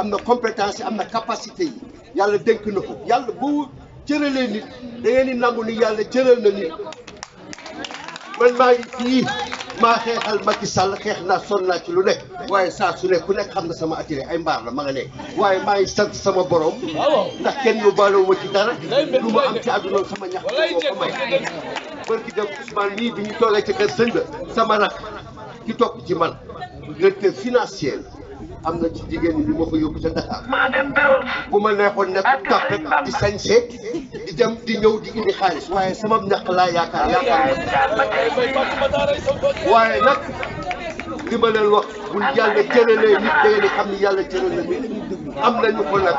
am na compétence yi am na capacité yi yàlla dénk na ko yàlla bu cëralee nit da ngeen nangu ni yàlla cëral na nit man maa ngi fii maa xeexal Macky Sall xeex naa sonn naa ci lu nekk waaye saa su nekk ku nekk xam na sama attiré ay mbaar la ma nga ne waaye maa ngi sant sama borom ndax kenn ñu baalewu ma ci dara lu ma am ci àdduna sama ñax moo ko may barki dem Ousmane mii di ñu toogee ci kër sëñ ba sama rak ki toog ci man directeur financier am na ci jigéen ñi bi ma fa yóbbu ca Dakar. maa ma neexoon nekk tax rek di sañse di dem di ñëw di indi xaalis waaye sama ñàkk laa yaakaar yaakaar waaye nag di ma leen wax bu yàlla cëralee nit da ngeen di xam ni yàlla cëralee nit am nañu ko nag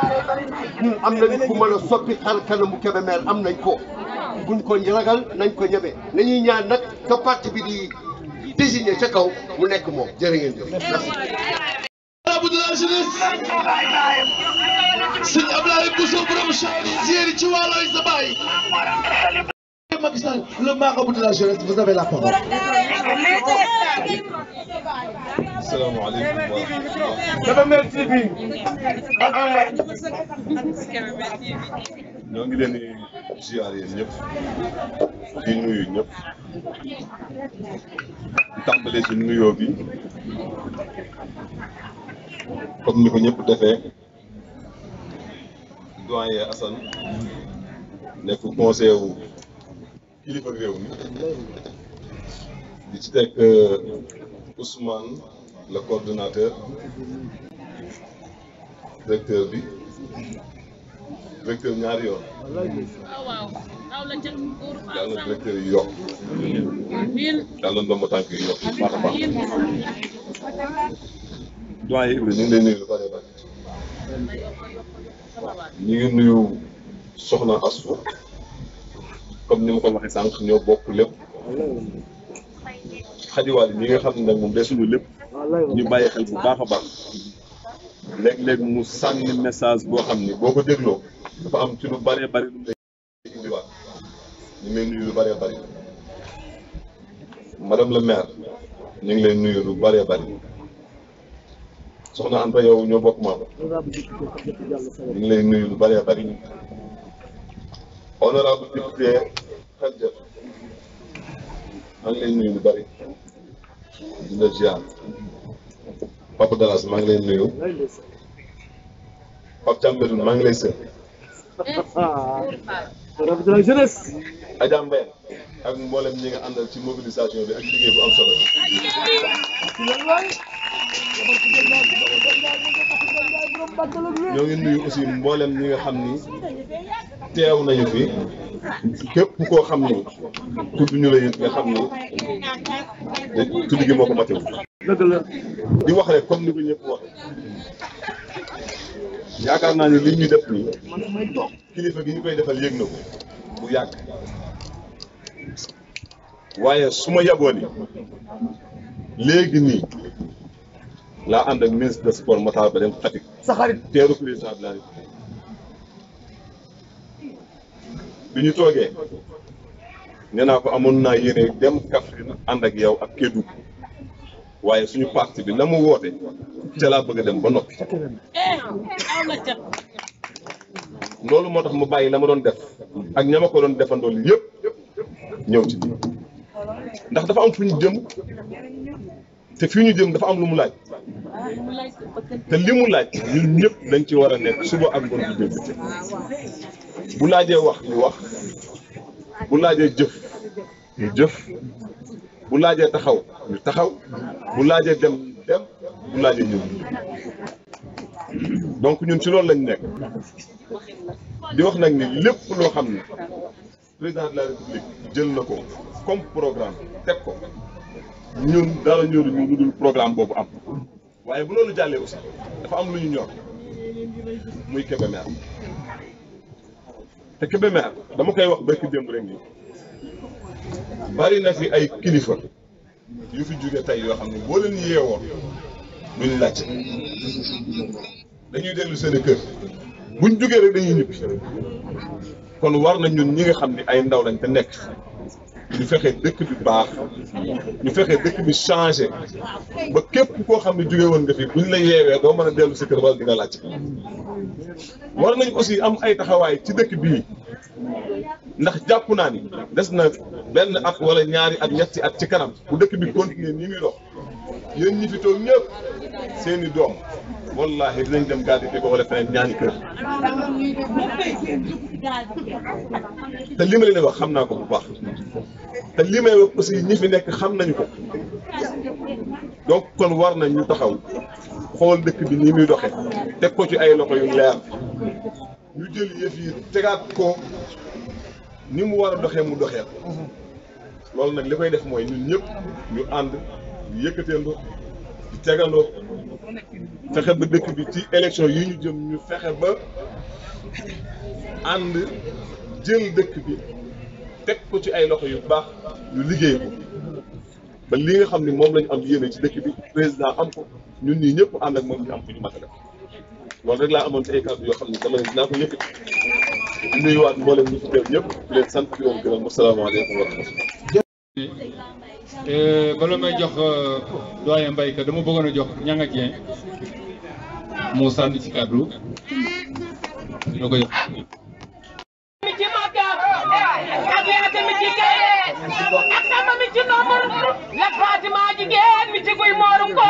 ñun am nañu ku mën a soppi xar kanamu Kébémer am nañ ko buñ ko ragal nañ ko ñeme nañuy ñaan nag ka parti bi di désigné ca kaw mu nekk moom jërë ngeen jëf Abdul Aziz sëñ Ablaye Bousso borom Chahir ci wàllu sa baay Macky Sall le marabout de la jeunesse vous avez la parole. asalaamaaleykum wa rahmatulah. bi. ñoo ngi nuyu ñëpp comme ni ko ñëpp defee doyen Assane nekk conseil wu kilifa réew mi di ci teg euh, Ousmane le koordinateur directeur bi directeur ñaari yoon yàlla na directeur yi yokk yàlla na ndombo tànk yokk baax waaye Ibrahima ñu ngi lay nuyu lu bari bari ñu ngi nuyu Soxna Astou comme ni ko waxee sànq ñoo bokk lépp xajiwaale ñi nga xam ne nag moom lépp ñu bàyyi xel bu baax a baax léeg-léeg mu message boo xam ni boo ko dégloo dafa am ci lu bëree bëri lu lay nuyu lu bëree bëri madame le maire ñu ngi lay nuyu lu bëree bëri. soxna Anta yow ñoo bokk maam ñu ngi lay nuyu lu bëree bëri honorable député Khadija maa ngi lay nuyu lu bëri di la Papa Dalas maa ngi lay nuyu Papa Thiam maa ngi lay sër revue de la jeunesse. ak mboolem ñi nga àndal ci mobilisation bi ak liggéey bu am solo bi. ñoo ngi nuyu aussi mboolem ñi nga xam ni teew nañu fi képp koo xam ni tudd ñu la yëg nga xam ni tudd gi moo ko matewu. di wax rek comme ni ko ñëpp waxee. yaakaar naa ne li ñu def nii kilifa gi ñu koy defal yëg na ko bu yàgg waaye su ma yaboon yi léegi nii laa ànd ak ministre de sport Matar Ba dem Fatick. sa xarit teeru président de la République bi ñu toogee nee naa ko amoon naa yéene dem Kaffrine ànd ak yow ak Kédougou. waaye suñu parti bi la mu woote ca laa bëgg dem ba noppi loolu moo tax mu bàyyi la ma doon def ak ña doon defandool yëpp ñëw ci ndax dafa am fu ñu jëm te fii ñu jëm dafa am lu mu laaj te li mu laaj ñun ñëpp dañ ci war a nekk suba ak ngoon bi jëm bu laajee wax ñu wax bu laajee jëf ñu jëf bu laajee taxaw ñu taxaw bu laajee dem dem bu laajee ñëw donc ñun ci loolu lañ nekk di wax nag ni lépp loo xam ne président la jël na ko comme programme teg ko ñun dara ñoru ñu dul programme boobu am waaye bu loolu jàllee aussi dafa am lu ñu ñor muy Kébémer te Kébémer dama koy wax bëkk démb rek nii bari na fi ay kilifa yu fi jóge tey yoo xam ne boo leen yeewoon duñ laajte dañuy dellu seen kër buñ jógee rek dañuy ñibbi kon war na ñun ñi nga xam ay ndaw lañ te nekk ñu fexe dëkk bi baax ñu fexe dëkk bi changé ba képp koo xam ne jóge woon nga fi buñ la yeewee doo mën a dellu sa kër wala di nga laajte war nañ aussi am ay taxawaay ci dëkk bii ndax jàpp naa ni des na benn at wala ñaari at ñetti at ci kanam bu dëkk bi continuer nii muy dox yéen ñi fi toog ñëpp seeni doom wallahi dinañ dem gàddi di ko wala feneen ñaani kër te li ma wax xam naa ko bu baax te li may wax aussi ñi fi nekk xam nañu ko donc kon war na ñu taxaw xool dëkk bi nii muy doxee teg ko ci ay loxo yu leer ñu jël yëf yi tegaat ko ni mu war a doxee mu doxee ko mhm. loolu nag li koy def mooy ñun ñëpp ñu ànd ñu yëkkateendoo di tegandoo fexe ba dëkk bi ci élection yi ñu jëm ñu fexe ba ànd jël dëkk bi teg ko ci ay loxo yu baax ñu liggéey ko ba li nga xam ni moom lañu am yéene ci dëkk bi président am ko ñun ñii ñëpp ànd ak moom ñu am ko ñu matale loolu rek laa amoon ci ay yoo xam ne dama ne dinaa ko yëkkati nuyuwaat mboolem ñi fi teew ñëpp di leen sant di leen gërëm asalaamaaleykum eh, eh, dama bëggoon a jox Nianga Dieng ci kàddu dina ko jox. Fatima jigéen mi ci guy mooru ko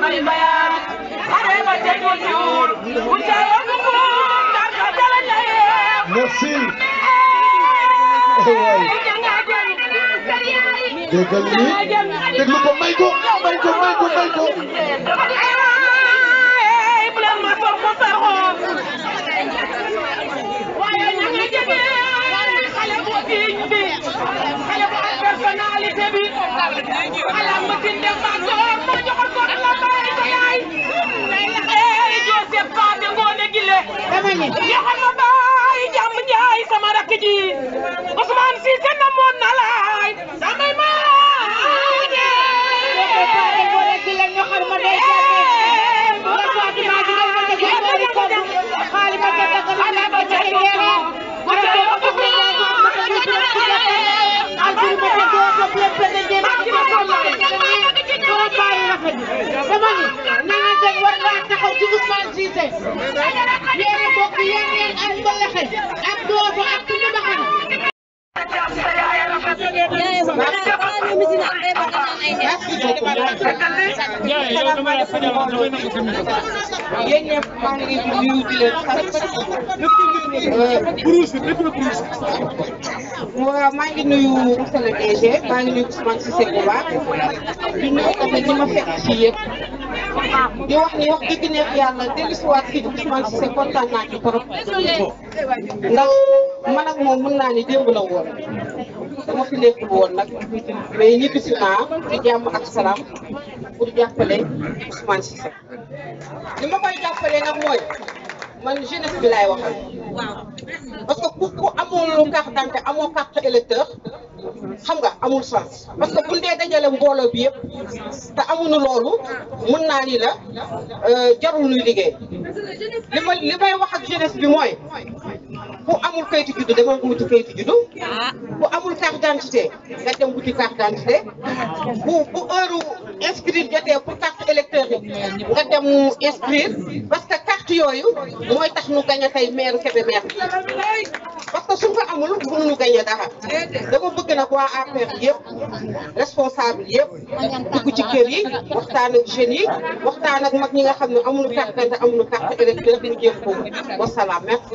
Merci. Déggal ni déglu ko may ko may ko may ko may ko. Waaye ña nga jege digne bi xale bu am personnalité bi ala matin dem ba door mo joxoon ko la baye ko yaay ay Joseph Paate Ngoone Gile joxoon ma baay jàmm njaay sama rakk ji Ousmane Cissé namoon na laay Ahmed dama ni naa dem war naa taxaw ci Ousmane Cissé yéen a bokk yéen yéen ak mbalaxe ak doofu ak tund baxana yéen ñëpp maa ngi leen di nuyu di leen sant waaw maa ngi nuyu monsieur le DG maa ngi nuyu Ousmane Cissé bu baax di nuyu tamit fekk fii yëpp di wax ni wax dëgg neex yàlla dellusiwaat fii Ousmane Cissé kontaan naa ci trop ndax man ak moom mën naa ni démb la woon dama fi nekkul woon nag mais ñibbisi naa di jàmm ak salaam pour jàppale Ousmane Cissé li ma koy jàppale nag mooy. Je ne suis pas parce que pourquoi carte électeur xam nga amul sens parce que buñ dee dajale mbooloo bi yëpp te amuñu loolu mun naa ni la euh, jarul ñuy liggéey li ma li may wax ak bi mooy ku amul kayitu juddu demal nga wuti kayitu juddu amul carte d'identité nga dem wuti carte d'identité bu bu heure inscrire jotee pour carte électeur yi nga dem inscrire parce que yooyu mooy tax nu gañ a tey maire Kébémer parce que suñ ko amul mënuñu gañ a dara dama bëgg invité nag waa APR yëpp responsable yëpp dugg ci kër yi waxtaan ak jeunes yi waxtaan ak mag ñi nga xam ne amuñu carte d'identité amuñu carte électeur bi ñu jéem ko wasalaam merci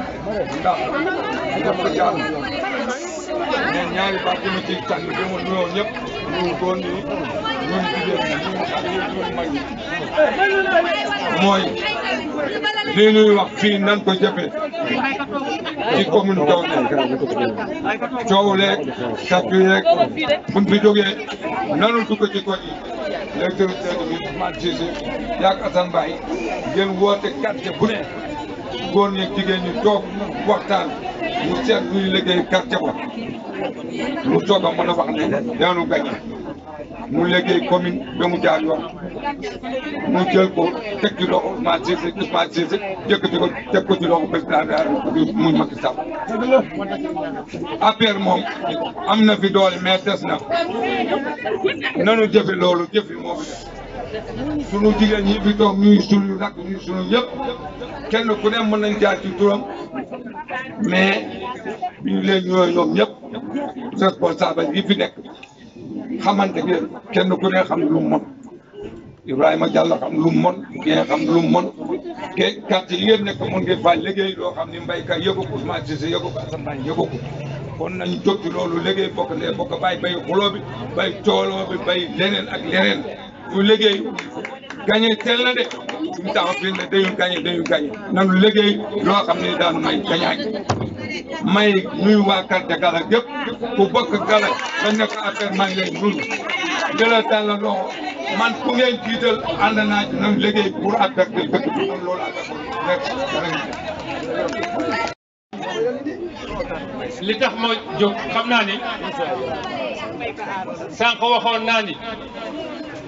ndax dafa jàll mais ñaari parti mi ci tànn bi ma nuyoo ñëpp ñu góor ñi ñun jigéen ñi ñun xale yi ñun mag ñi mooy lii ñuy wax fii nan ko jëfee ci commune Diaoné coow leeg sàcc yeeg buñ fi jógee ci koñ yi léegi tamit seen bi Ousmane Cissé góor ñi jigéen ñi toog waxtaan mu seet luy liggéey quartier ba mu soog a mën a wax ne daanu gañe mu liggéey commune ba mu jaar mu jël ko teg ci loxo Ousmane Cissé Ousmane ko teg ko ci loxo président de la République muy Macky Sall moom am na fi dool mais des na nanu jëfe loolu jëfi moom sunu jigéen ñi fi toog ñuy suñu nag ñuy sunu ñëpp kenn ku ne mën nañ jaar ci turam mais bi ñu leen ñooy ñoom ñëpp responsable yi fi nekk xamante ne kenn ku ne xam lu mu mën Ibrahima Diallo xam lu mu mën ngeen xam lu mu mën te quartier yi ngeen nekk mën ngeen faa liggéey loo xam ni mbaykat yëgu ko Ousmane Cissé yëgu ko Assane Mbaye yëgu ko kon nañ jóg ci loolu liggéey bokk ndee bokk bàyyi bay xuloo bi bay cooloo bi bay leneen ak leneen ñu liggéey gagné teel na de suñu temps bi ne dañu gagné dañu gagné nanu liggéey loo xam ne daan may gañaay may nuyu waa quartier Gala yëpp ku bokk Gala la nekk affaire maa ngi lay nuyu di la tàllal loxo man ku ngeen jiital ànd naa ci nanu liggéey pour affaire bi dëkk bi am loolu affaire li tax ma jóg xam naa ni sànq waxoon naa ni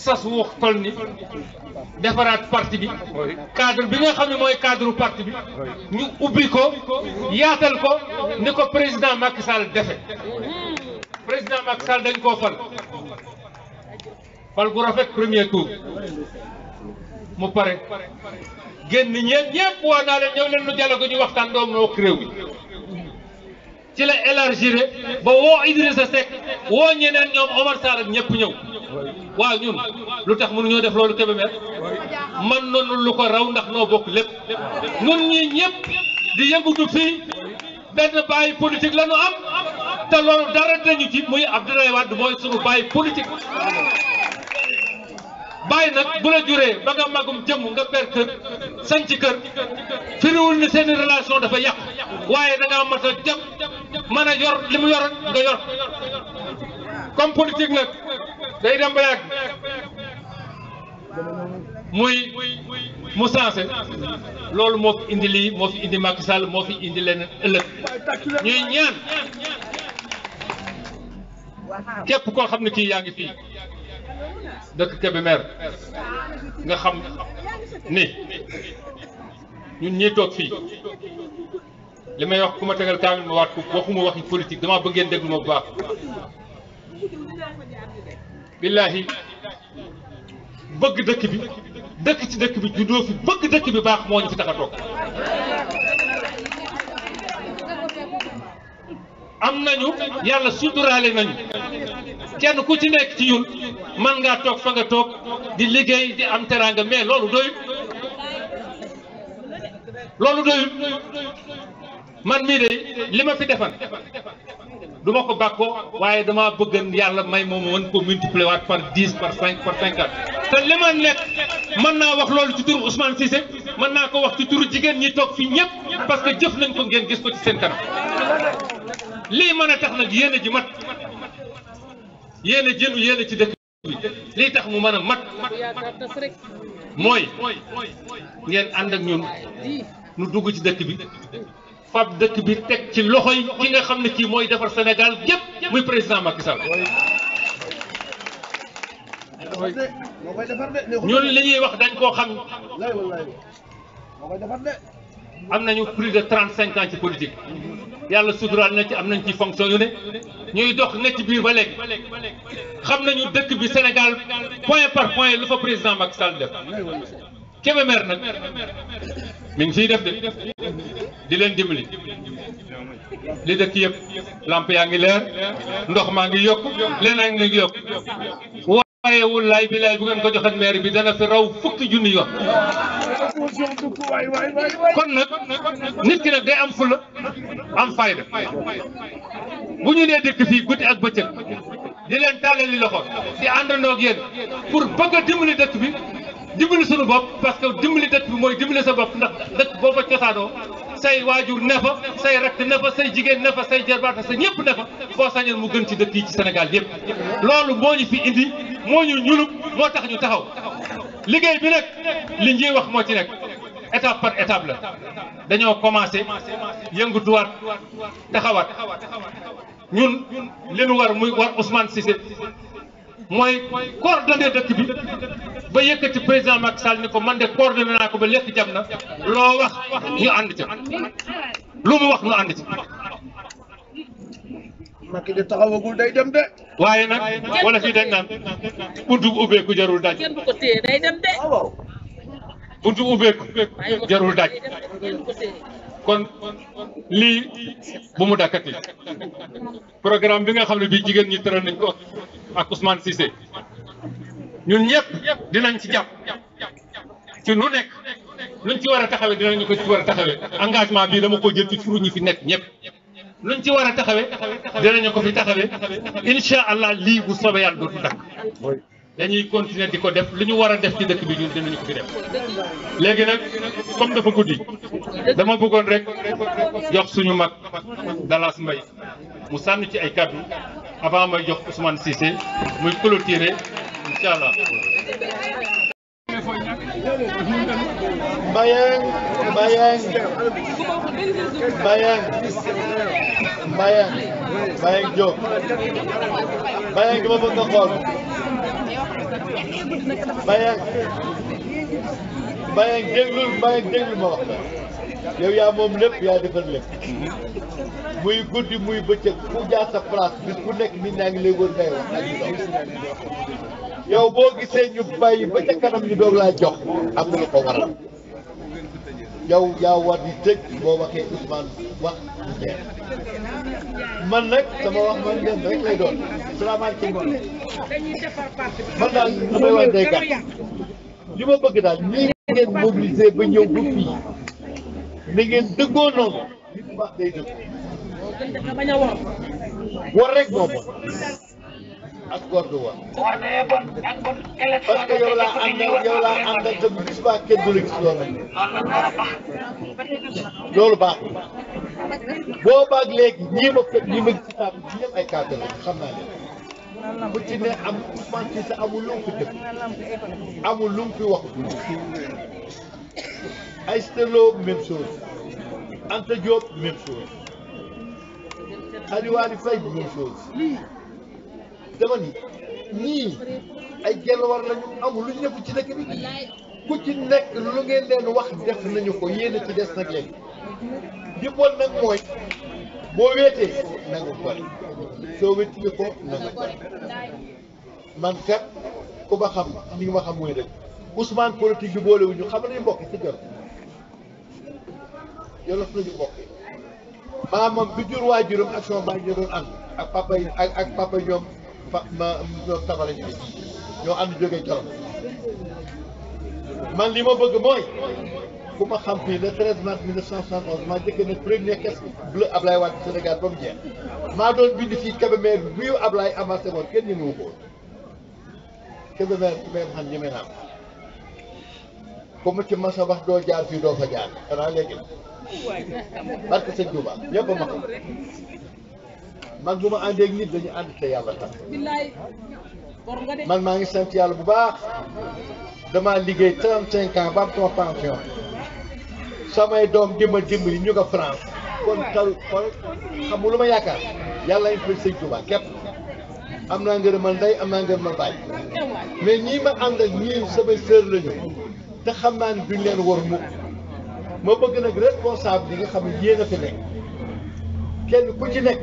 sas wax toll ni defaraat parti bi cadre bi nga xam ne mooy cadre parti bi ñu ubbi ko yaatal ko ni ko président Macky Sall defe président Macky Sall dañ koo fal fal gu rafet premier tour mu pare génn ñeent ñëpp waa naa leen ñëw leen nu dialogue ñu waxtaan doom no wokk réew mi ci la élargir ba woo Idrissa Seck woo ñeneen ñoom Omar Sarr ak ñëpp ñëw waaw ñun lu tax mënuñoo def loolu Kébémer man noonu lu ko raw ndax noo bokk lépp ñun ñi ñëpp di yëngutu fii benn bàyyi politique la ñu am te loolu dara dañu ci muy Abdoulaye Wade mooy sunu bàyyi politique bàyyi nag bu la juree ba nga magum jëmm nga ber kër sañ ci kër firiwul ni seen relation dafa yàqu waaye da ngaa mën a jàpp mën a yor li mu yor nga yor comme politique nag day dem ba muy mu loolu moo fi indi lii moo fi indi Macky Sall moo fi indi leneen ëllëg ñuy ñaan képp koo xam ne kii yaa ngi fii dëkk Kébémer nga xam ni ñun ñii toog لما يقول كما تقول كامل مواتكو وكما وحي فوليتيك دماء بغيان دقل مباك بالله بغ دك بي دك تي دك بي جدو في بغ دك بي باك موني في تقاطوك امنا نيو يالا سودرالي نيو كان كو تي نيك تيول مان nga tok fa nga tok di liggey di am teranga mais lolou doyou lolou doyou man mi de lima fi defal duma ko bàkkoo waye dama beugal yalla may moom won ko multiplier wat par 10 par 5 par cinquante te lima nek man na wax lolou ci tour Ousmane Cissé man na ko wax ci tour jigen ñi tok fi ñep parce que jëf nañ ko ngeen gis ko ci seen kanam li meuna tax nak yene ji mat yene jëlu yene ci dekk bi tax mu meuna mat moy, ngeen and ak ñun nu dugg ci dekk bi fab dëkk bi tek ci loxoy ki nga xamne ne moy defar Sénégal gep muy président Macky Sall ñun li ñuy wax dañ ko xam am nañu plus de 35 ans ci politique yàlla suturaal na ci am nañ ci fonction ñu ne ñuy dox ne ci biir ba leg xam nañu dëkk bi Sénégal point par point lu fa président Macky Sall def Kébémer nag mi ngi fiy def de di leen dimbali li dëkk yëpp lamp yaa ngi leer ndox maa ngi yokk leneen ngi yokk waaye wulaay bi laay bu ngeen ko joxoon maire bi dana fi raw fukki junni yoon kon nag nit ki nag day am fula am fayda bu ñu nee dëkk fii guddi ak bëccëg di leen tàllali loxo di àndandoo ak yéen pour bëgg a dimbali dëkk bi. dimbali sunu bop parce que dimbali dekk bi moy dimbali sa bop ndax dekk boo fa cosaanoo say wajur nefa say rakk nefa say jigen nefa say jarbaata sa ñepp nefa bo sañal mu gën ci dekk yi ci senegal yépp lolu moñu fi indi moñu ñunu mo tax ñu taxaw liggey bi nak li ñi wax mo ci nek étape par étape la dañoo commencé yëngatuwaat taxawat ñun li nu war muy war Ousmane Cissé mooy coordonné dëkk bi ba yëkkati président Macky Sall ni ko man de coordonné naa ko ba lekk jam na loo wax ñu ànd ca lu mu wax ñu ànd ci Macky de taxawagul day dem de. waaye nag wala fii dañ naan buntu bu jarul daj. Ah, buntu bu jarul daj. kon lii bu mu dakkati programme bi nga xam ne bii jigéen ñi tëral nañ ko ak Ousmane Cissé ñun ñëpp dinañ ci jàpp ci nu nekk luñ ci war a taxawee dinañ ko ci war a taxawee engagement bii dama ko jël ci turu ñi fi nekk ñëpp luñ ci war a taxawee dinañ ko fi taxawee incha allah lii bu soobee yàlla dootu dakk dañuy continuer di ko def li ñu war def ci dëkk bi ñun dinañu ko fi def léegi nag comme dafa guddi dama bëggoon rek jox suñu mag Dalaas Mbaye mu sànni ci ay kàddu avant may jox Ousmane Cissé muy clôturer incha allah. Bayang, bayang, bayang, bayang, bayang Jo, bayang ke protokol, bayang, bayang jenglul, bayang jenglul ma Jauh ya yow yaa moom lépp yaa defar lépp muy guddi muy bëccëg ku jaar sa place bis ku nekk nit ñaa ngi lay wër ngay wax yow gisee ñu ba ca kanam ñu doog jox am lu ko waral jaw yaa war di dégg boo waxee Ousmane wax leer man nag sama wax man leen rek lay doon man daal damay wax day gàtt li ma bëgg daal nii ngeen mobiliser ba ñëw ba fii ni ngeen dëggoo noonu li mu wax war rek moo ak góor du war. waaw mais bon ak bon. élection parce que yow laa àndal yow laa àndal te bu gis baa kenn du la gis loolu. loolu baax boobaag léegi ñii ma fekk ñii ma gis naa ñëpp ay cadre la xam naa leen bu ci ne am Ousmane Cissé amul lu mu fi def amul lu mu fi wax ay Stello même chose Anta Diop même chose Khady Wali Faye même chose. dama ni ñii ay genn war lañu amul lu ñëpp ci dëkk bi ku ci nekk lu ngeen leen wax def nañu ko yéen ci des nag léegi di bon nag mooy boo weetee na nga bari soo wétini ko na nga bari man kat ku ma xam li nga ma xam mooy dëgg Ousmane politique bi boole wu ñu xam nañu mbokk ci kër yolof nañu mbokk maamam bi jur waajuram ak sama baay ñu ak papa yi ak ak papa ñoom fa ma ñoom Tafa lañ fi ñoo ànd jógee Jolof man li ma bëgg mooy ku ma xam fii le 13 mars 1971 maa ne premier caisse bleu Ablaye Wade Sénégal ba mu jeex maa doon bind fii Kébémer bii Ablaye avancé woon kenn ñemewu ko woon Kébémer ci même xam ñeme naa ko mu ci masa wax doo jaar fii doo fa jaar xanaa léegi barke sëñ Touba ñëpp a ma xam. man bu ma àndee ak dañu ànd te yàlla tax man maa ngi sant yàlla bu baax damaa liggéey trente cinq ans ba am sama pension samay doom dimba dimbali ñu ko France kon taru kon xamu lu ma yaakaar yàlla ñu fay sëñ Tuubaa képp am naa ngërëmal ndey am naa ngërëmal baay mais ñii ma ànd ak ñii samay sœur lañu te xam naa ne duñ leen war mukk ma bëgg nag responsable yi nga xam ne yéen a fi nekk kenn ku ci nekk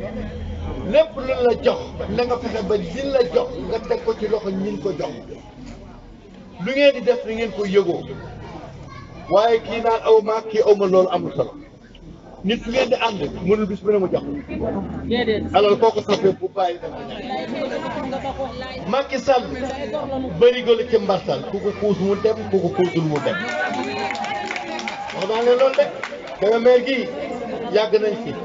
lépp lu la jox na fexe ba li la jox nga teg ko ci loxo ñin ko jox lu ngeen di def ni ngeen koy yëgoo waaye kii naan aw ma kii aw ma loolu amul solo nit su ngeen di ànd mënul bis bu mu jox alors kooku sape bu bàyyi def Macky Sall bërigo la ci mbarsal ku ko kuus mu dem ku ko kuusul mu dem wax naa ne de danga meer gi yàgg nañ fi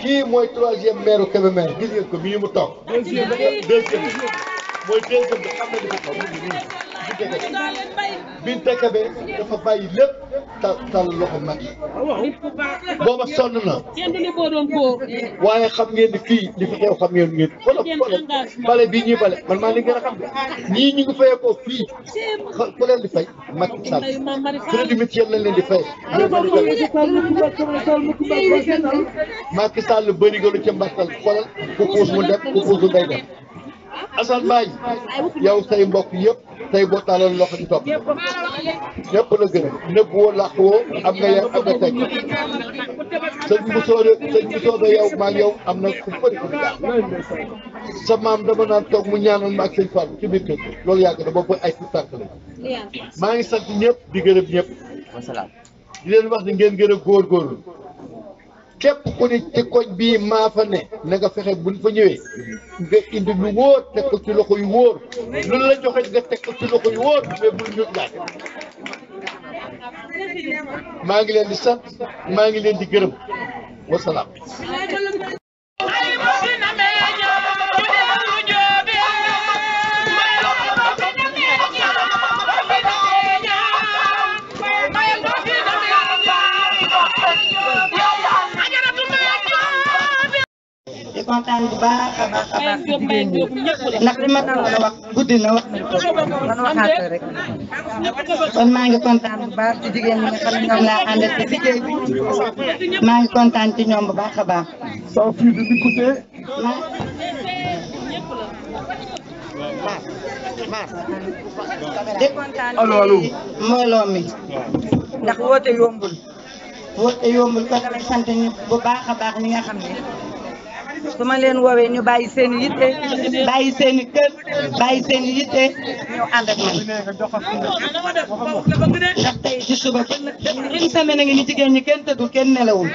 Que muito troisième maire Kébémer gis ngeen ko mi ngi mu toog deuxième deuxième mooy deuxième bi dafa bàyyi lépp tal tal loxo mag yi na waaye xam ngeen ni fii li fi xew xam ngeen ngeen wala wala bale bii ñuy bale man maa ngi gën a xam de ñii ñu ngi fayee ko fii ku leen di fay Macky Sall crédit mutuel lañ leen di fay Macky Sall bëri gënu ca mbartal xoolal ku xuus mu def ku xuusul day def Assane Mbaye yow say mbokk yëpp say bottaalal loxo di topp ñëpp la gën a nëbb woo làq woo am nga yow am nga teg sëñ bu soobee sëñ bu soobee yow maa ngi am na ku bëri ku sa maam dama naan toog mu ñaanal ma ak sëñ Fall ci biir kër loolu yàgg na boobu ay tout tànk la maa ngi sa ñëpp di gërëm ñëpp di wax di ngeen gën a góorgóorlu képp ku ne ci koñ bii maa fa ne na nga fexe buñ fa ñëwee nga indi lu wóor teg ko ci loxo yu wóor lu la joxe nga teg ko ci loxo yu wóor mais bul ñu maa ngi leen di sant maa ngi leen di gërëm wasalaam di kontaan bu baax a baax a baax ndax li ma naroon a wax guddi na wax nañ ko man waxaat rek kon maa ngi kontaan bu baax ci jigéen ñi nga xam ne ñoom laa àndal ci liggéey bi maa ngi kontaan ci ñoom bu baax a baax soo fii di dikute maa di kontaan ci mbooloo mi ndax woote yombul woote yombul kon damay sant ñu bu baax a baax ñi nga xam ne su ma leen woowee ñu bàyyi seen i yitte bàyyi seen i kër bàyyi seen i yitte ñëw ànd ak man ndax tey ci ñi kenn tëddul kenn nelawul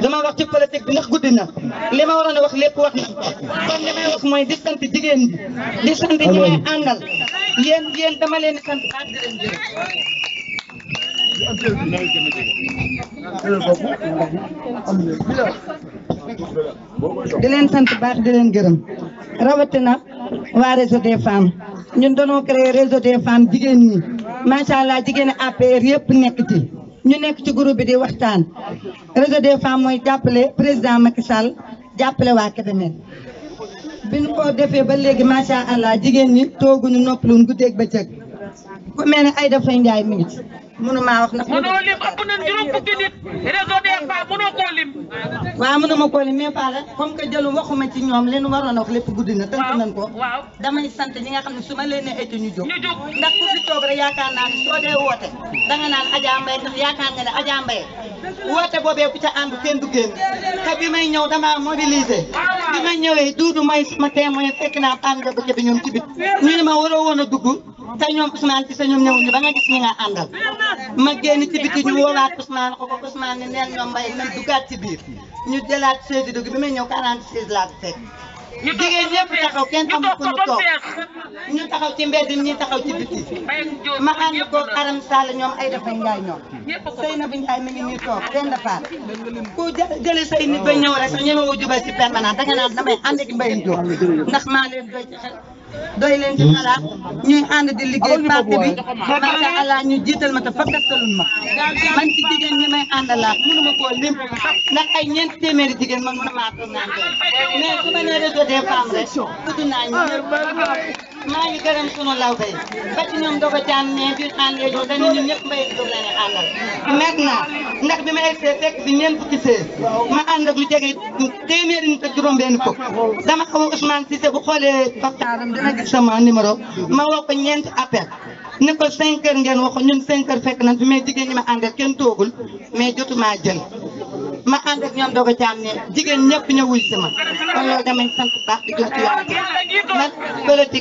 dama wax ci politique bi ndax guddi na li ma waroon a wax lépp wax na kon li may wax mooy di sant jigéen bi di sant ñi may àndal yéen yéen dama leen di sant di leen sant baax di leen gërëm rawatina waa réseau des femmes ñun dañoo créé réseau des femmes jigéen ñi macha allah jigéen APR yëpp nekk ci. ñu nekk ci groupe bi di waxtaan réseau des femmes mooy jàppale président Macky Sall jàppale waa Kébémer bi ñu defee ba léegi macha jigéen ñi tooguñu noppaluñu guddeeg bëccëg ku mel ne Aïda Faye Ndiaye mi ngi mënuma wax nag. mënoo lim ëpp nañ juróom fukki koo lim. waaw comme que jëlu waxuma ci ñoom leen waroon a wax lépp guddi na. tënk nañ ko waaw damay sant ñi nga xam ne su ma ne ñu jóg. ñu jóg ndax ku danga naan Adja Mbaye ndax yaakaar nga ne Adja Mbaye woote boobee ku ca ànd kenn du génn te bi may ñëw damaa mobiliser bi ñëwee duudu mooy sama témoin fekk naa ànd ba ca bi ñoom ci bit ñu ma waroo woon a dugg te ñoom Ousmane ci sa ñoom ñëwuñu ba nga gis ñi nga ma génn ci biti ñu woowaat Ousmane ko ko Ousmane ne neen ñoom mbay nañ duggaat ci biir ñu jëlaat chaise dugg bi may ñëw 46 laa fekk jigéen ñëpp taxaw kenn amul ku ñu toog ñu taxaw ci mbedd mi ñu taxaw ci biti ma ànd ko Aram Sall ñoom ay dafa Njaay ñoom Seynabou Njaay mi ngi ñuy toog benn faat ku jële say nit ba ñëw rek sax ñemewoo jubal ci permanent danga naan damay ànd ak Mbaye Ndour ndax maa leen doy doy leen ci xalaat hmm. ñuy ànd di liggéey parti bi barka Allah ñu jiital ma te fakkatalul ma man ci jigéen ñi may àndalaat mënuma koo lim ndax ay ñeent téeméeri jigéen man mënuma ko naan mais su ma nee réseau des femmes rek naa ñu maa ngi gërëm sunu lawbe ba ci ñoom doog a jaan ne biir àndee jox dañu ñun ñëpp mbay jóg la ne àndal meeg naa ndax bi ma egsee fekk bi ñeent fukki sees ma ànd ak lu jege téeméeri nit ak juróom-benn fukk dama xaw a Ousmane Cissé bu xoolee baxtaaram dina gis sama numéro ma woo ko ñeent appel ne ko 5 heures ngeen waxoon ñun 5 heures fekk nañ fi mais jigéen ñi ma àndal kenn toogul mais jotumaa jël ma ànd ak ñoom doog a caam ne jigéen ñëpp ñu wuy si ma kon loolu damay sant baax di jëm ci yoon man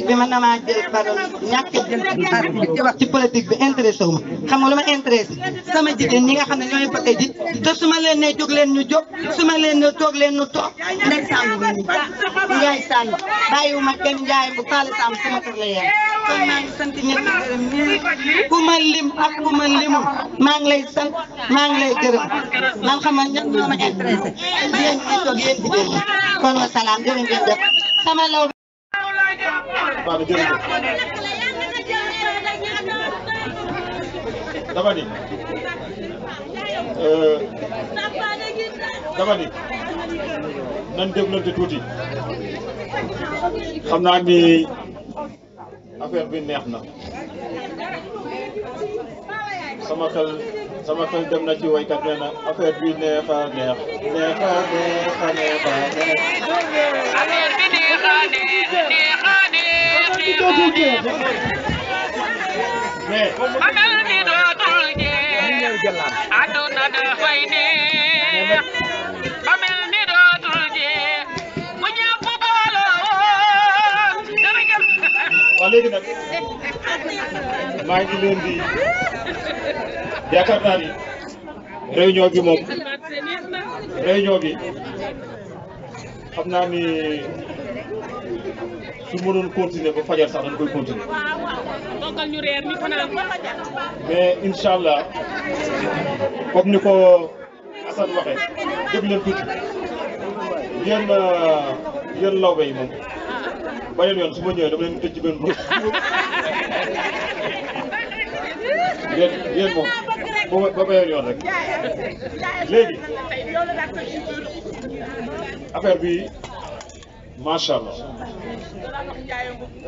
bi ma na jël parole ñàkk jël ci wax ci politique bi intéressé wu xam nga lu ma intéressé sama jigéen ñi nga xam ne ñooy voté ji te su ma leen ne jóg leen ñu jóg su ma leen ne toog leen ñu toog ndey sàmm bi ñu njaay sàmm bàyyiwuma kenn njaay bu faale sàmm sama kër la yem ma lim ak ku ma limul maa ngi lay sant maa ngi lay gërëm man xam nga ñoo ma intéressé yéen ñi toog yéen jigéen ñi kon wa salaam jërë ngeen jëf sama law dama ni dama ni nan déglante tuuti xam naa ni affaire bi neex na sama xel sama xel dem na ci woykat nee na affaire bi neex a neex neex a neex a neex a waaw léegi nag maa ngi leen di yaakaar naa ni réunion bi moom réunion bi xam naa ni su mënoon continuer ba fajar sax dañ koy continuer mais incha allah comme ni ko Assane waxee dégg leen tuuti yéen yéen lawbe yi moom beneen yoon su ma ñëwee dama leen tëj ci benn bopp yéen moom. ba ba ba yoon rek léegi affaire bi macha allah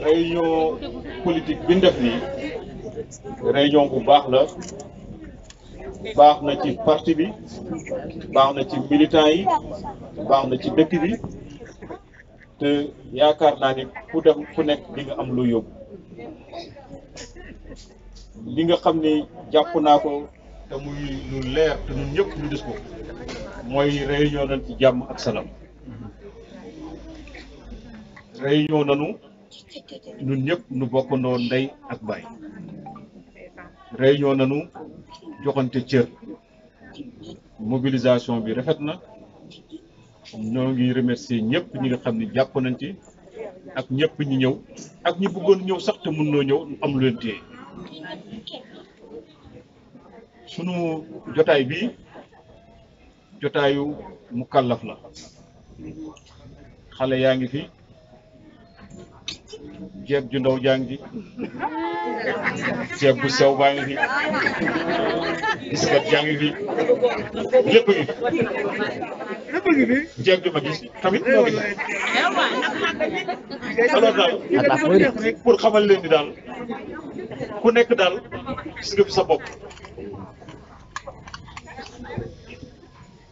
réunion politique bi ñu def nii réunion bu baax la baax na ci parti bi baax na ci militant yi baax na ci dëkk bi te yaakaar naa ni ku dem ku nekk di nga am lu yóbbu li nga xam ni jàpp naa ko te muy lu leer te ñun ñëpp ñu gis ko mooy réunion nañ ci jàmm ak salaam réunion nañu ñun ñëpp ñu bokkandoo ndey ak baay réunion nañu joxante cër mobilisation bi rafet na ñoo ngi remercier ñëpp ñi nga xam ne jàpp nañ ci ak ñëpp ñi ñëw ak ñi bëggoon ñëw sax te mën noo ñëw am lu leen téye sunu jotaay bi jotaayu mu kàllaf la xale yaa ngi fi jeeg ju ndaw jaa ngi fi jeeg bu sew baa ngi fi biskat jaa ngi fi lépp ngi ju ma tamit moo ngi daal pour xamal leen ni daal ku nekk daal gis nga sa bopp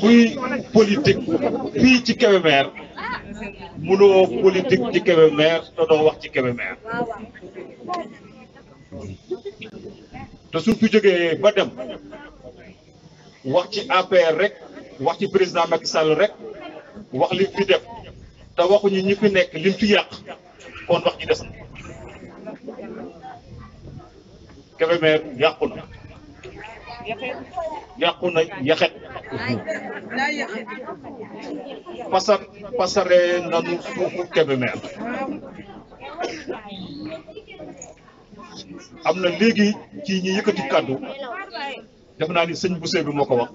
kuy politique fii ci Kébémer mënoo politique ci Kébémer te doo wax ci Kébémer te suñ fi jógee ba dem wax ci APR rek wax ci président Macky Sall rek wax li fi def te waxuñu ñi fi nekk lim fi yàq kon wax ji des Kébémer yàqu yàqu na yaxet pasar pasare nanu suufu Kébémer am na léegi ci ñi yëkkati kàddu def naa ni sëñ bu bi moo ko wax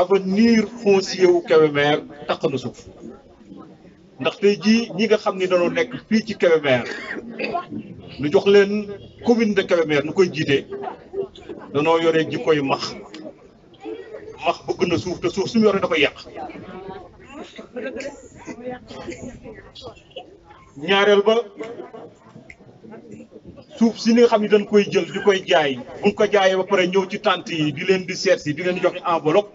avenir foncier wu Kébémer taq na suuf ndax tey jii ñi nga xam ni dañoo nekk fii ci Kébémer ñu jox leen commune de Kébémer nu koy jiitee danoo yore jikko yu max max bëgg na suuf te suuf su mu yoree da yàq ñaareel ba suuf si li xam ne dañ koy jël di koy jaay buñ ko jaayee ba pare ñëw ci tànt yi di leen di seet si di leen joxe enveloppe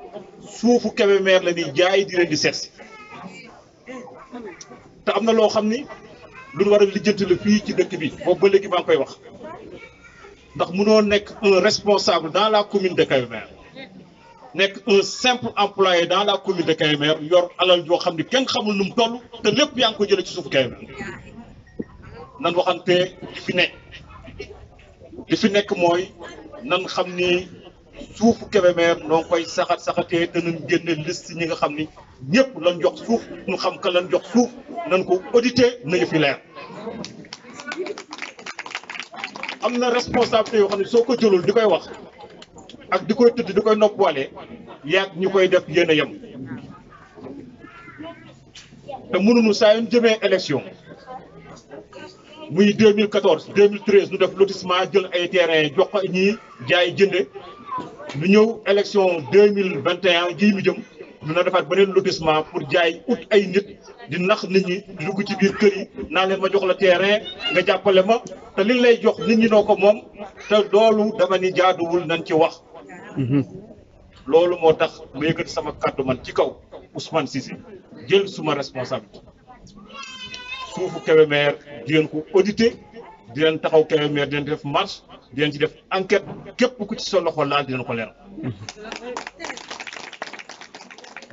suufu Kébémer la ñuy jaay di leen di seet si te am na loo xam ni lu ñu war a lijjanti fii ci dëkk bi boobu ba léegi maa ngi koy wax ndax mënoo nekk un responsable dans la commune de Kayemer nekk un simple employé dans la commune de Kayemer yor alal yoo xam ne kenn xamul nu mu toll te lépp yaa ngi ko jëlee ci suufu Kayemer. nan waxante li fi nekk li fi nekk mooy nan xam ni suufu Kébémer noo koy saxat saxatee danañ génne liste ñi nga xam ni ñépp lañ jox suuf ñu xam ka lan jox suuf nañ ko audité na yëf am na responsabilité yoo xam ne soo ko jëlul di koy wax ak di koy tëdd di koy noppwalee yaag ñi koy def yéen a yem te mënuñu saa yoon jëmee élection muy 2014 2013 ñu def lotissement jël ay terrain jox ko ñii jaay jënde ñu ñëw élection 2021 jii mu jëm dina defaat beneen lotissement pour jaay ut ay nit di nax nit ñi di dugg ci biir kër naa leen ma jox la terrain nga jàppale ma te liñ lay jox nit ñi noo ko moom te loolu dama ni jaaduwul nañ ci wax. Mhm. loolu moo tax ma yëkkati sama kàddu man ci kaw Ousmane Cissé jël suma responsabilité suufu Kébémer di leen ko audité di leen taxaw Kébémer di leen def marche di leen ci def enquête képp ku ci sa loxo laal di leen ko leer. Mhm.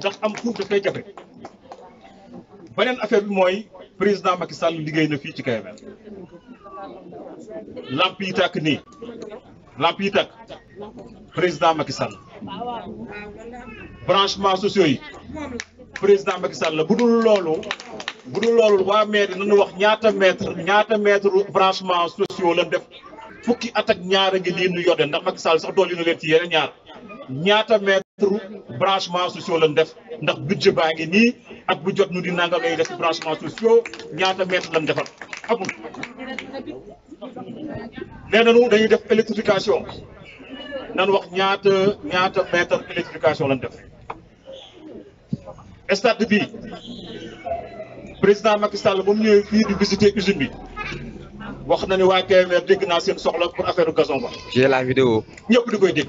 ndax am suuf dafay jafe beneen affaire bi mooy président Macky Sall liggéey na fii ci Kébémer lamp yi tàkk nii lamp yi tàkk président Macky Sall branchement sociaux yi président Macky Sall la bu dul loolu bu dul loolu waa maire nañu wax ñaata mètre ñaata mètre branchement sociaux lañ def fukki at ak ñaar a ngi nii nu yodde ndax Macky Sall sax dool yi na leen ci yeneen ñaar ñaata mètre branchement sociaux lañ def ndax budget baa ngi nii ak bu jot ñu di nanga lay def branchement sociaux ñaata mètre lañ defal amul nee dañuy def électrification nan wax ñaata ñaata mètre électrification lañ bi président Macky Sall ba mu fii di visiter usine bi wax na ne waa TMR dégg naa seen soxla pour affaire gazon ba j'ai la vidéo ñëpp di koy dégg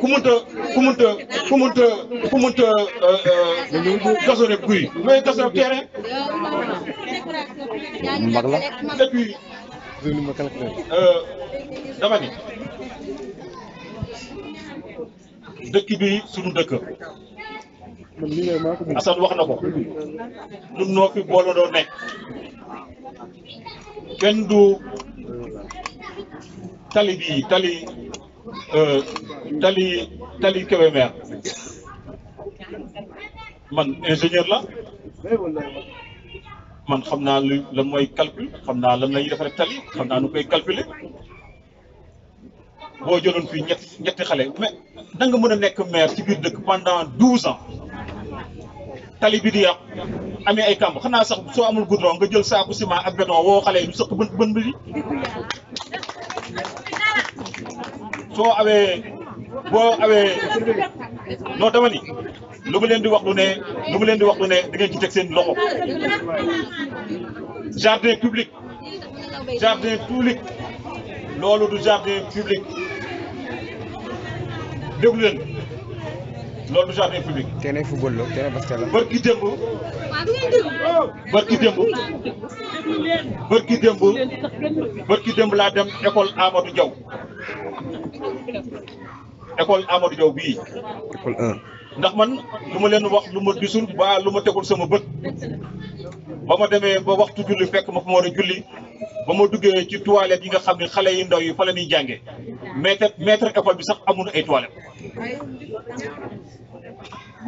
comment comment ku euh, euh, Euh, tali tali Kébémer man ingénieur la man xam naa lu lan mooy calcul xam naa lan la ñuy defaree tali xam naa nu koy calculer boo jëloon fii ñetti xale mais da mën a nekk maire ci biir dëkk pendant douze ans tali bi di yàqu amee ay kàmb xanaa sax soo amul goudron nga jël saaku ciment ak béton woo xale yi ñu sëq bën bën bi. soo awee boo awee non dama ni leen di wax lu ne lu leen di wax lu ne da ngeen teg seen loxo jardin public jardin public loolu du jardin public déglu loolu du jardin public. terrain football la terrain basket la. bërki démb. bërki démb. bërki démb. bërki démb laa dem école Amadou Diaw. école Amadou Diaw bii. école 1. ndax man lu ma leen wax lu ma gisul ba lu ma tegul sama bët ba ma demee ba waxtu julli fekk ma fa moo war a julli ba ma duggee ci toilette yi nga xam ne xale yi ndaw yi fa la ñuy jàngee maître maître école bi sax amul ay toilette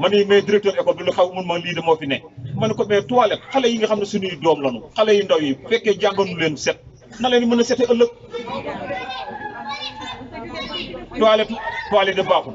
ma ni mais directeur école bi lu xaw mun ma lii de moo fi ne ma ne ko mais toilette xale yi nga xam ne suñuy doom lañu xale yi ndaw yi fekkee jànganu leen set na leen mën a sete ëllëg toilette toilette de baaxul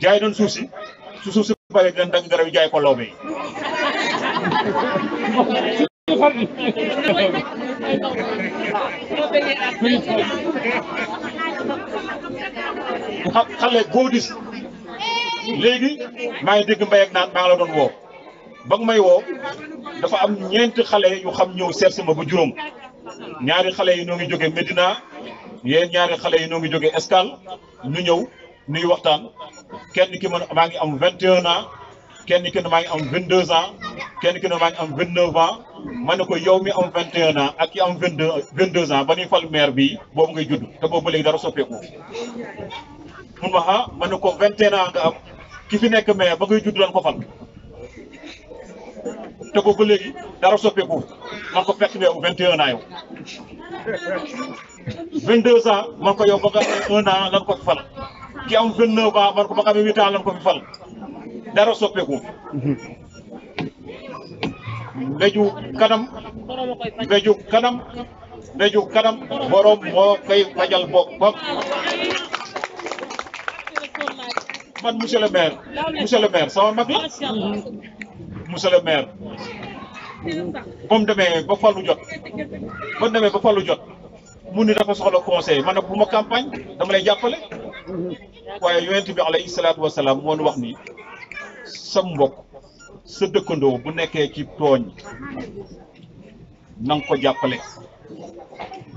jaay doon suuf si su suuf si pare dinañ dagg garab yi jaay ko loobe yi xale boo gis léegi maa ngi dégg mbay ak naan maa ngi la doon woo ba nga may woo dafa am ñeenti xale yu xam ñëw seet si ma ba juróom ñaari xale yi ñoo ngi jóge Medina yéen ñaari xale yi ñoo ngi jóge Escale ñu ñëw nuy waxtaan kenn ki man maa ngi am 21 ans kenn ki ne maa ngi am 22 ans kenn ki ne maa ngi am 29 ans ma ne ko yow mi am 21 ans ak ki am 22 22 ans ba ñuy fal maire bi boobu ngay judd te boobu ba léegi dara soppeeku. mun ma ah ma ne ko 21 ans nga am ki fi nekk maire ba ngay judd lan ko fal te boobu ba léegi dara soppeeku man ko fekk yow 21 ans yow. 22 ans man ko yow ba nga am ko fal. ki am 29 ko ba xam ne 8 ans lañ ko fi fal dara soppeeku. mbéju kanam mbéju kanam mbéju kanam borom moo koy fajal boppam. man monsieur le maire monsieur le sama mag la monsieur le maire ba mu demee ba falu jot ba mu demee ba falu jot mu ni dafa soxla conseil man nag bu ma campagne dama lay jàppale. waaye yonent bi alayhi salaatu wa salaam wax ni sa mbokk sa dëkkandoo bu nekkee ci tooñ na ko jàppale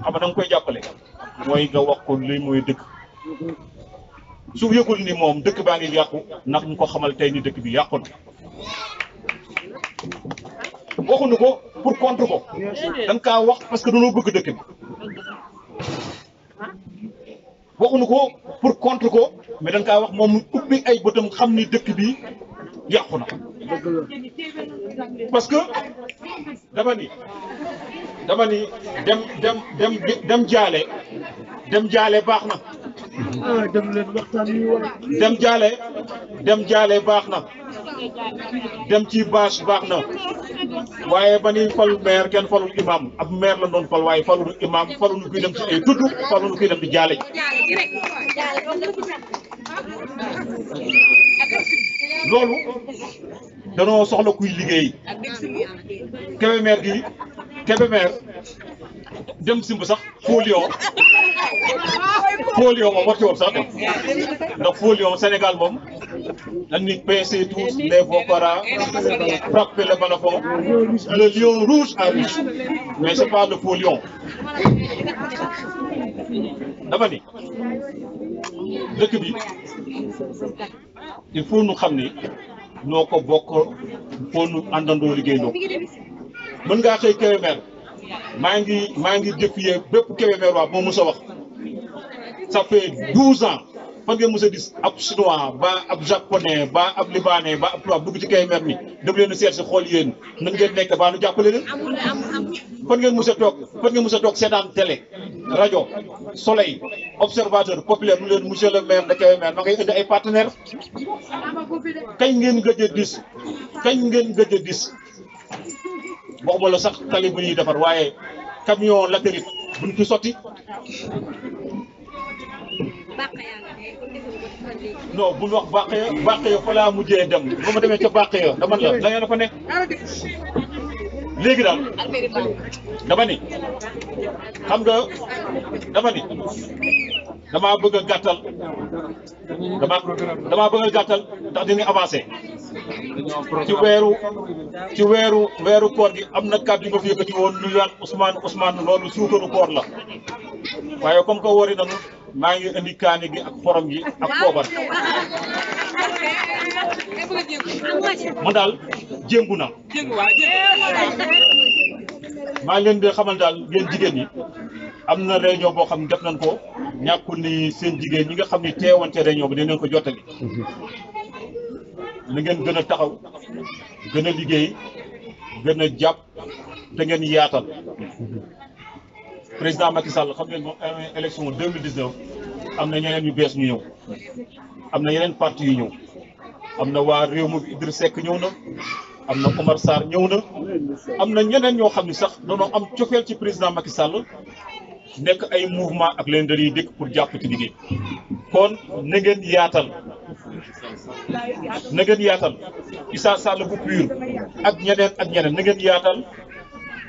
xam nga koy jàppale mooy nga wax ko li mooy dëkk su yëgul ni moom dëkk baa ngi yàqu ndax ñu ko xamal tey ni dëkk bi yàqu na waxuñu ko pour contre ko da nga kaa wax parce que dañoo bëgg dëkk bi. waxuñu ko pour contre ko mais dañ kaa wax moom mu ubbi ay bëtam xam ni dëkk bi parce que dama ni dama ni dem dem dem dem jaale dem jaale baax na Ah, dem jaale dem jaale baax na dem ci bâche baax na waaye ba ni falu maire kenn falul imam ab maire la doon fal waaye falul imam falul kuy dem ci ay du falul kuy dem di jaale loolu danoo soxla kuy liggéey Kébémer gi Kébémer dem simb sax folion folion moom sax ndax folion Sénégal mom ni pc tous les le balafon le lion rouge arrive mais c'est pas le folion dama ni dëkk bi il faut nous xamni nos noo ko bokk nu àndandoo liggéey ndoo maa ngi maa ngi défier bépp Kébémer waa moo mës a wax ça fait douze ans fan ngeen mës a gis ab chinois ba ab japonais ba ab libanais ba ab tubaab dugg ci Kébémer mi dem leen seet si xool yéen nan ngeen nekk baa nu jàppale leen fan ngeen mës a toog fan ngeen mës a toog seetaan télé rajo soleil observateur populaire mu leen monsieur le maire de Kébémer ma ngay indi ay partenaires kañ ngeen gëj a gis kañ ngeen gëj a gis waxuma la sax tali bu ñuy defar waaye camion latérite buñ ci sotti non buñ wax bàq ya bàq ya fa laa mujjee dem ba ma demee ca bàq ya dama la la ngeen a fa léegi daal dama ni xam nga dama ni damaa bëgg a gàttal damaa damaa bëgg a gàttal ndax dinañ avancé ci weeru ci weeru weeru koor gi am na kàddu yu ma fi yëkkati woon nuyuwaat Ousmane Ousmane loolu suukaru koor la waaye comme que wóor nañu. maa ngi indi kaani gi ak xorom gi ak poobar ma daal jéngu na maa ngi leen di xamal daal ngeen jigéen ñi am na réunion boo xam ne def nañ ko ñàkkul ni seen jigéen ñi nga xam ne teewoon ca réunion bi dinañ ko jottali na ngeen gën a taxaw gën liggéey gën a jàpp te ngeen yaatal président Macky Sall xam ngeen moom élection 2019 am na ñeneen ñu bees ñu ñëw am na yeneen parti yu ñëw am na waa réew mi Idriss Seck ñëw na am na Omar Sarr ñëw na am na ñeneen ñoo xam ne sax dañoo am cofeel ci président Macky Sall nekk ay mouvement ak leen yi dikk pour jàpp ci liggéey kon na yaatal na ngeen yaatal Issa Sall bu pur ak ñeneen ak ñeneen na ngeen yaatal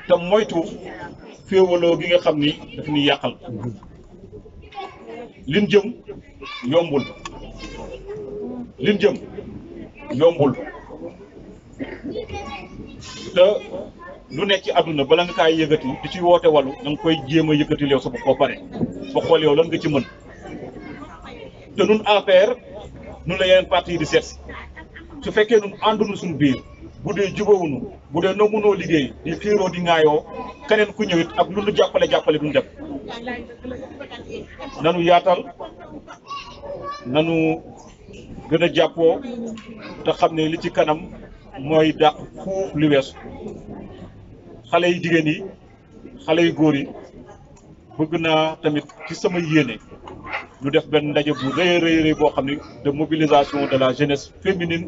te moytu. féewaloo gi nga xam ni daf ñuy yàqal lin jëm yombul lin jëm yombul te lu nekk ci àdduna bala nga kaay yëkkati di ci woote wàllu da nga koy jéem a yëkkati yow pare ba xool yow lan nga ci mën te nun APR nun la yeneen parti yi di seet su fekkee nun ànduñu suñu biir bu dee jubóowuñu bu dee noo mënoo liggéey di xiiroo di ŋaayoo keneen ku ñëwit ak lu nu jàppale jàppale duñ dem nanu yaatal nanu gën a jàppoo te xam ne li ci kanam mooy dàq fuuf li weesu xale yi jigéen yi xale yu góor yi bëgg naa tamit ci sama yéene ñu def benn ndaje bu rëy rëy rëy boo xam ne de mobilisation de la jeunesse féminine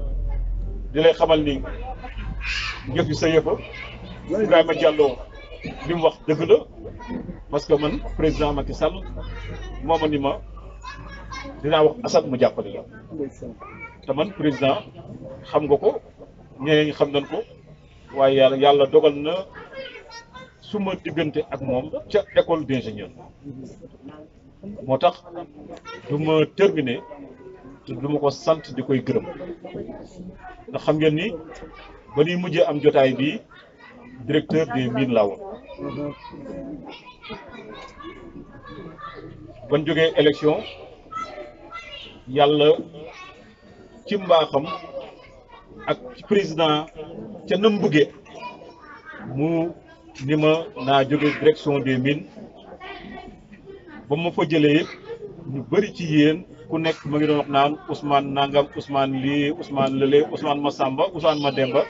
di lay xamal ni jëf yi sa yëfa Ibrahima Diallo li mu wax dëgg la parce que man président Macky Sall moo ma ni ma dinaa wax Assane mu jàppale la te man président xam nga ko ñeneen ñi xam nañ ko waaye yàlla yàlla dogal na su ma diggante ak moom ca école d'ingénieur moo tax du ma te ma ko sant di koy gërëm ndax xam ngeen ni ba ñuy mujjee am jotaay bi directeur des mines laa woon ban jógee élection yàlla ci mbaaxam ak président ca nam bëggee mu ni ma naa jóge direction des mines ba ma fa jëlee ñu bëri ci yéen ku nekk mu ngi doon wax naan usmaan Nangam Ousmane lii Ousmane Lële Ousmane Massamba Ousmane Mademba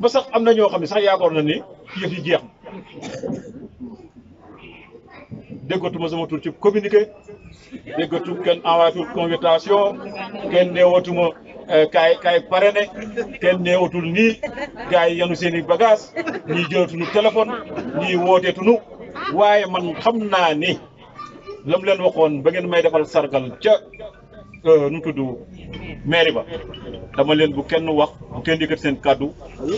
ba sax am na ñoo xam ne sax yaakaar na ni yëf yi jeex déggatuma sama tur ci communiqué déggatu kenn envoyé convitation kenn neewatuma euh, kaay kaay parrainé kenn neewatul nii gars yi yanu seen i bagage téléphone ñii wooteetunu waaye man xam naa ni la mu leen waxoon ba ngeen may defal sargal ca euh, nu tudd mairie ba dama leen bu kenn wax bu kenn yëkkat seen kàddu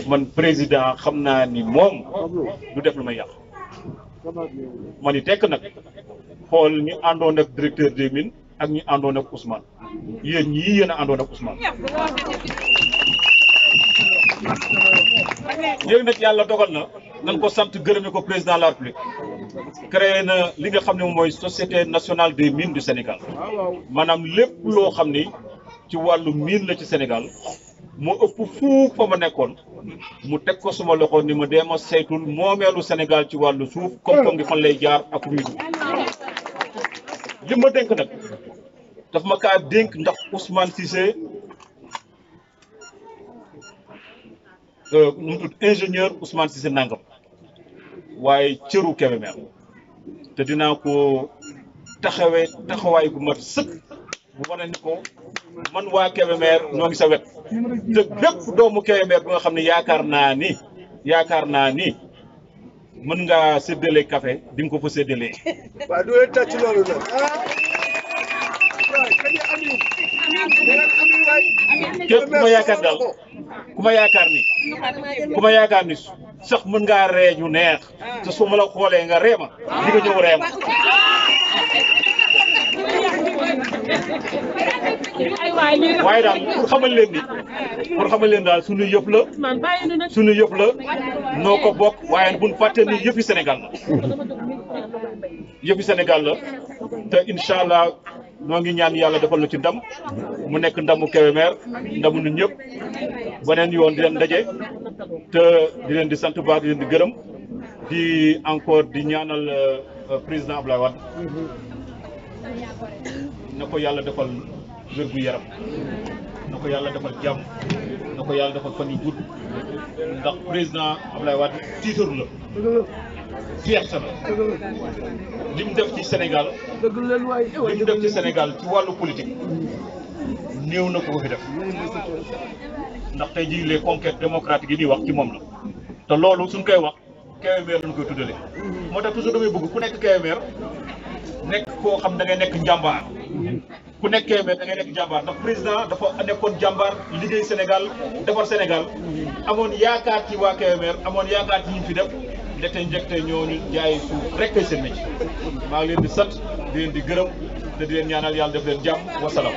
man président xam naa ni moom du def lu may yàq ma ni tekk nag xool ñu àndoon ak directeur des ak ñu àndoon ak Ousmane yéen ñii yéen a àndoon ak Ousmane léegi nag yàlla dogal na nan ko sant gërëme ko président de la République créé na li nga xam ne mooy société nationale des mines du Sénégal maanaam lépp loo xam ni ci wàllu mine la ci Sénégal moo ëpp fuuf fa ma nekkoon mu teg ko suma loxo ni ma deema saytul moomeelu Sénégal ci wàllu suuf koom-koom gi fan lay jaar ak muy dugg li ma dénk nag daf ma kaa dénk ndax Ousmane Cissé euh, nu mu tudd ingénieur Ousmane Nangam. waaye cëru Kébémer te dinaa ko taxawee taxawaay gu mat sëkk bu man waa Kébémer ñoo ngi sa wet te bépp doomu Kébémer bu nga xam ne yaakaar naa ni yaakaar naa ni mën nga séddale kafe di nga ko fa seddalee waaw du leen yaakaar ni ku ma yaakaar ni. sax mën ngaa ree ñu neex ah. te su ma la xoolee nga reema ah. di nga ñëw reema ah. waaye daal pour xamal leen ni pour xamal leen daal suñu yëf la suñu yëpp la noo ko bokk waaye buñ fàtte ni yëfi Sénégal la yëfi Sénégal la te incha allah noo ngi ñaan yàlla defal na ci ndam mu nekk ndamu Kébémer ndamu ñun ñëpp beneen yoon di leen daje te di leen di sant baa di leen di gërëm di encore di ñaanal euh, président la Wade na ko yàlla defal wérgu yaram na ko yàlla defal jàmm na ko yàlla defal fan yu gudd ndax président Abdoulaye Wade titre la fierté la li mu def ci Sénégal li mu def ci Sénégal ci wàllu politique néew na ko ko fi def ndax tey jii les conquêtes yi ñuy wax ci moom la te loolu suñ koy wax KMR lañ koy tuddale moo tax toujours damay bëgg ku nekk KMR nekk koo xam da ngay nekk njàmbaar ku nekkee mais da ngay nekk jàmbaar ndax président dafa nekkoon jàmbaar liggéey Sénégal defar Sénégal amoon yaakaar ci waa KMR amoon yaakaar ci ñu fi def ndekte njëkte ñooñu jaay suuf rek seen métier maa ngi leen di sant di leen di gërëm te di leen ñaanal yàlla def leen jàmm wasalaam.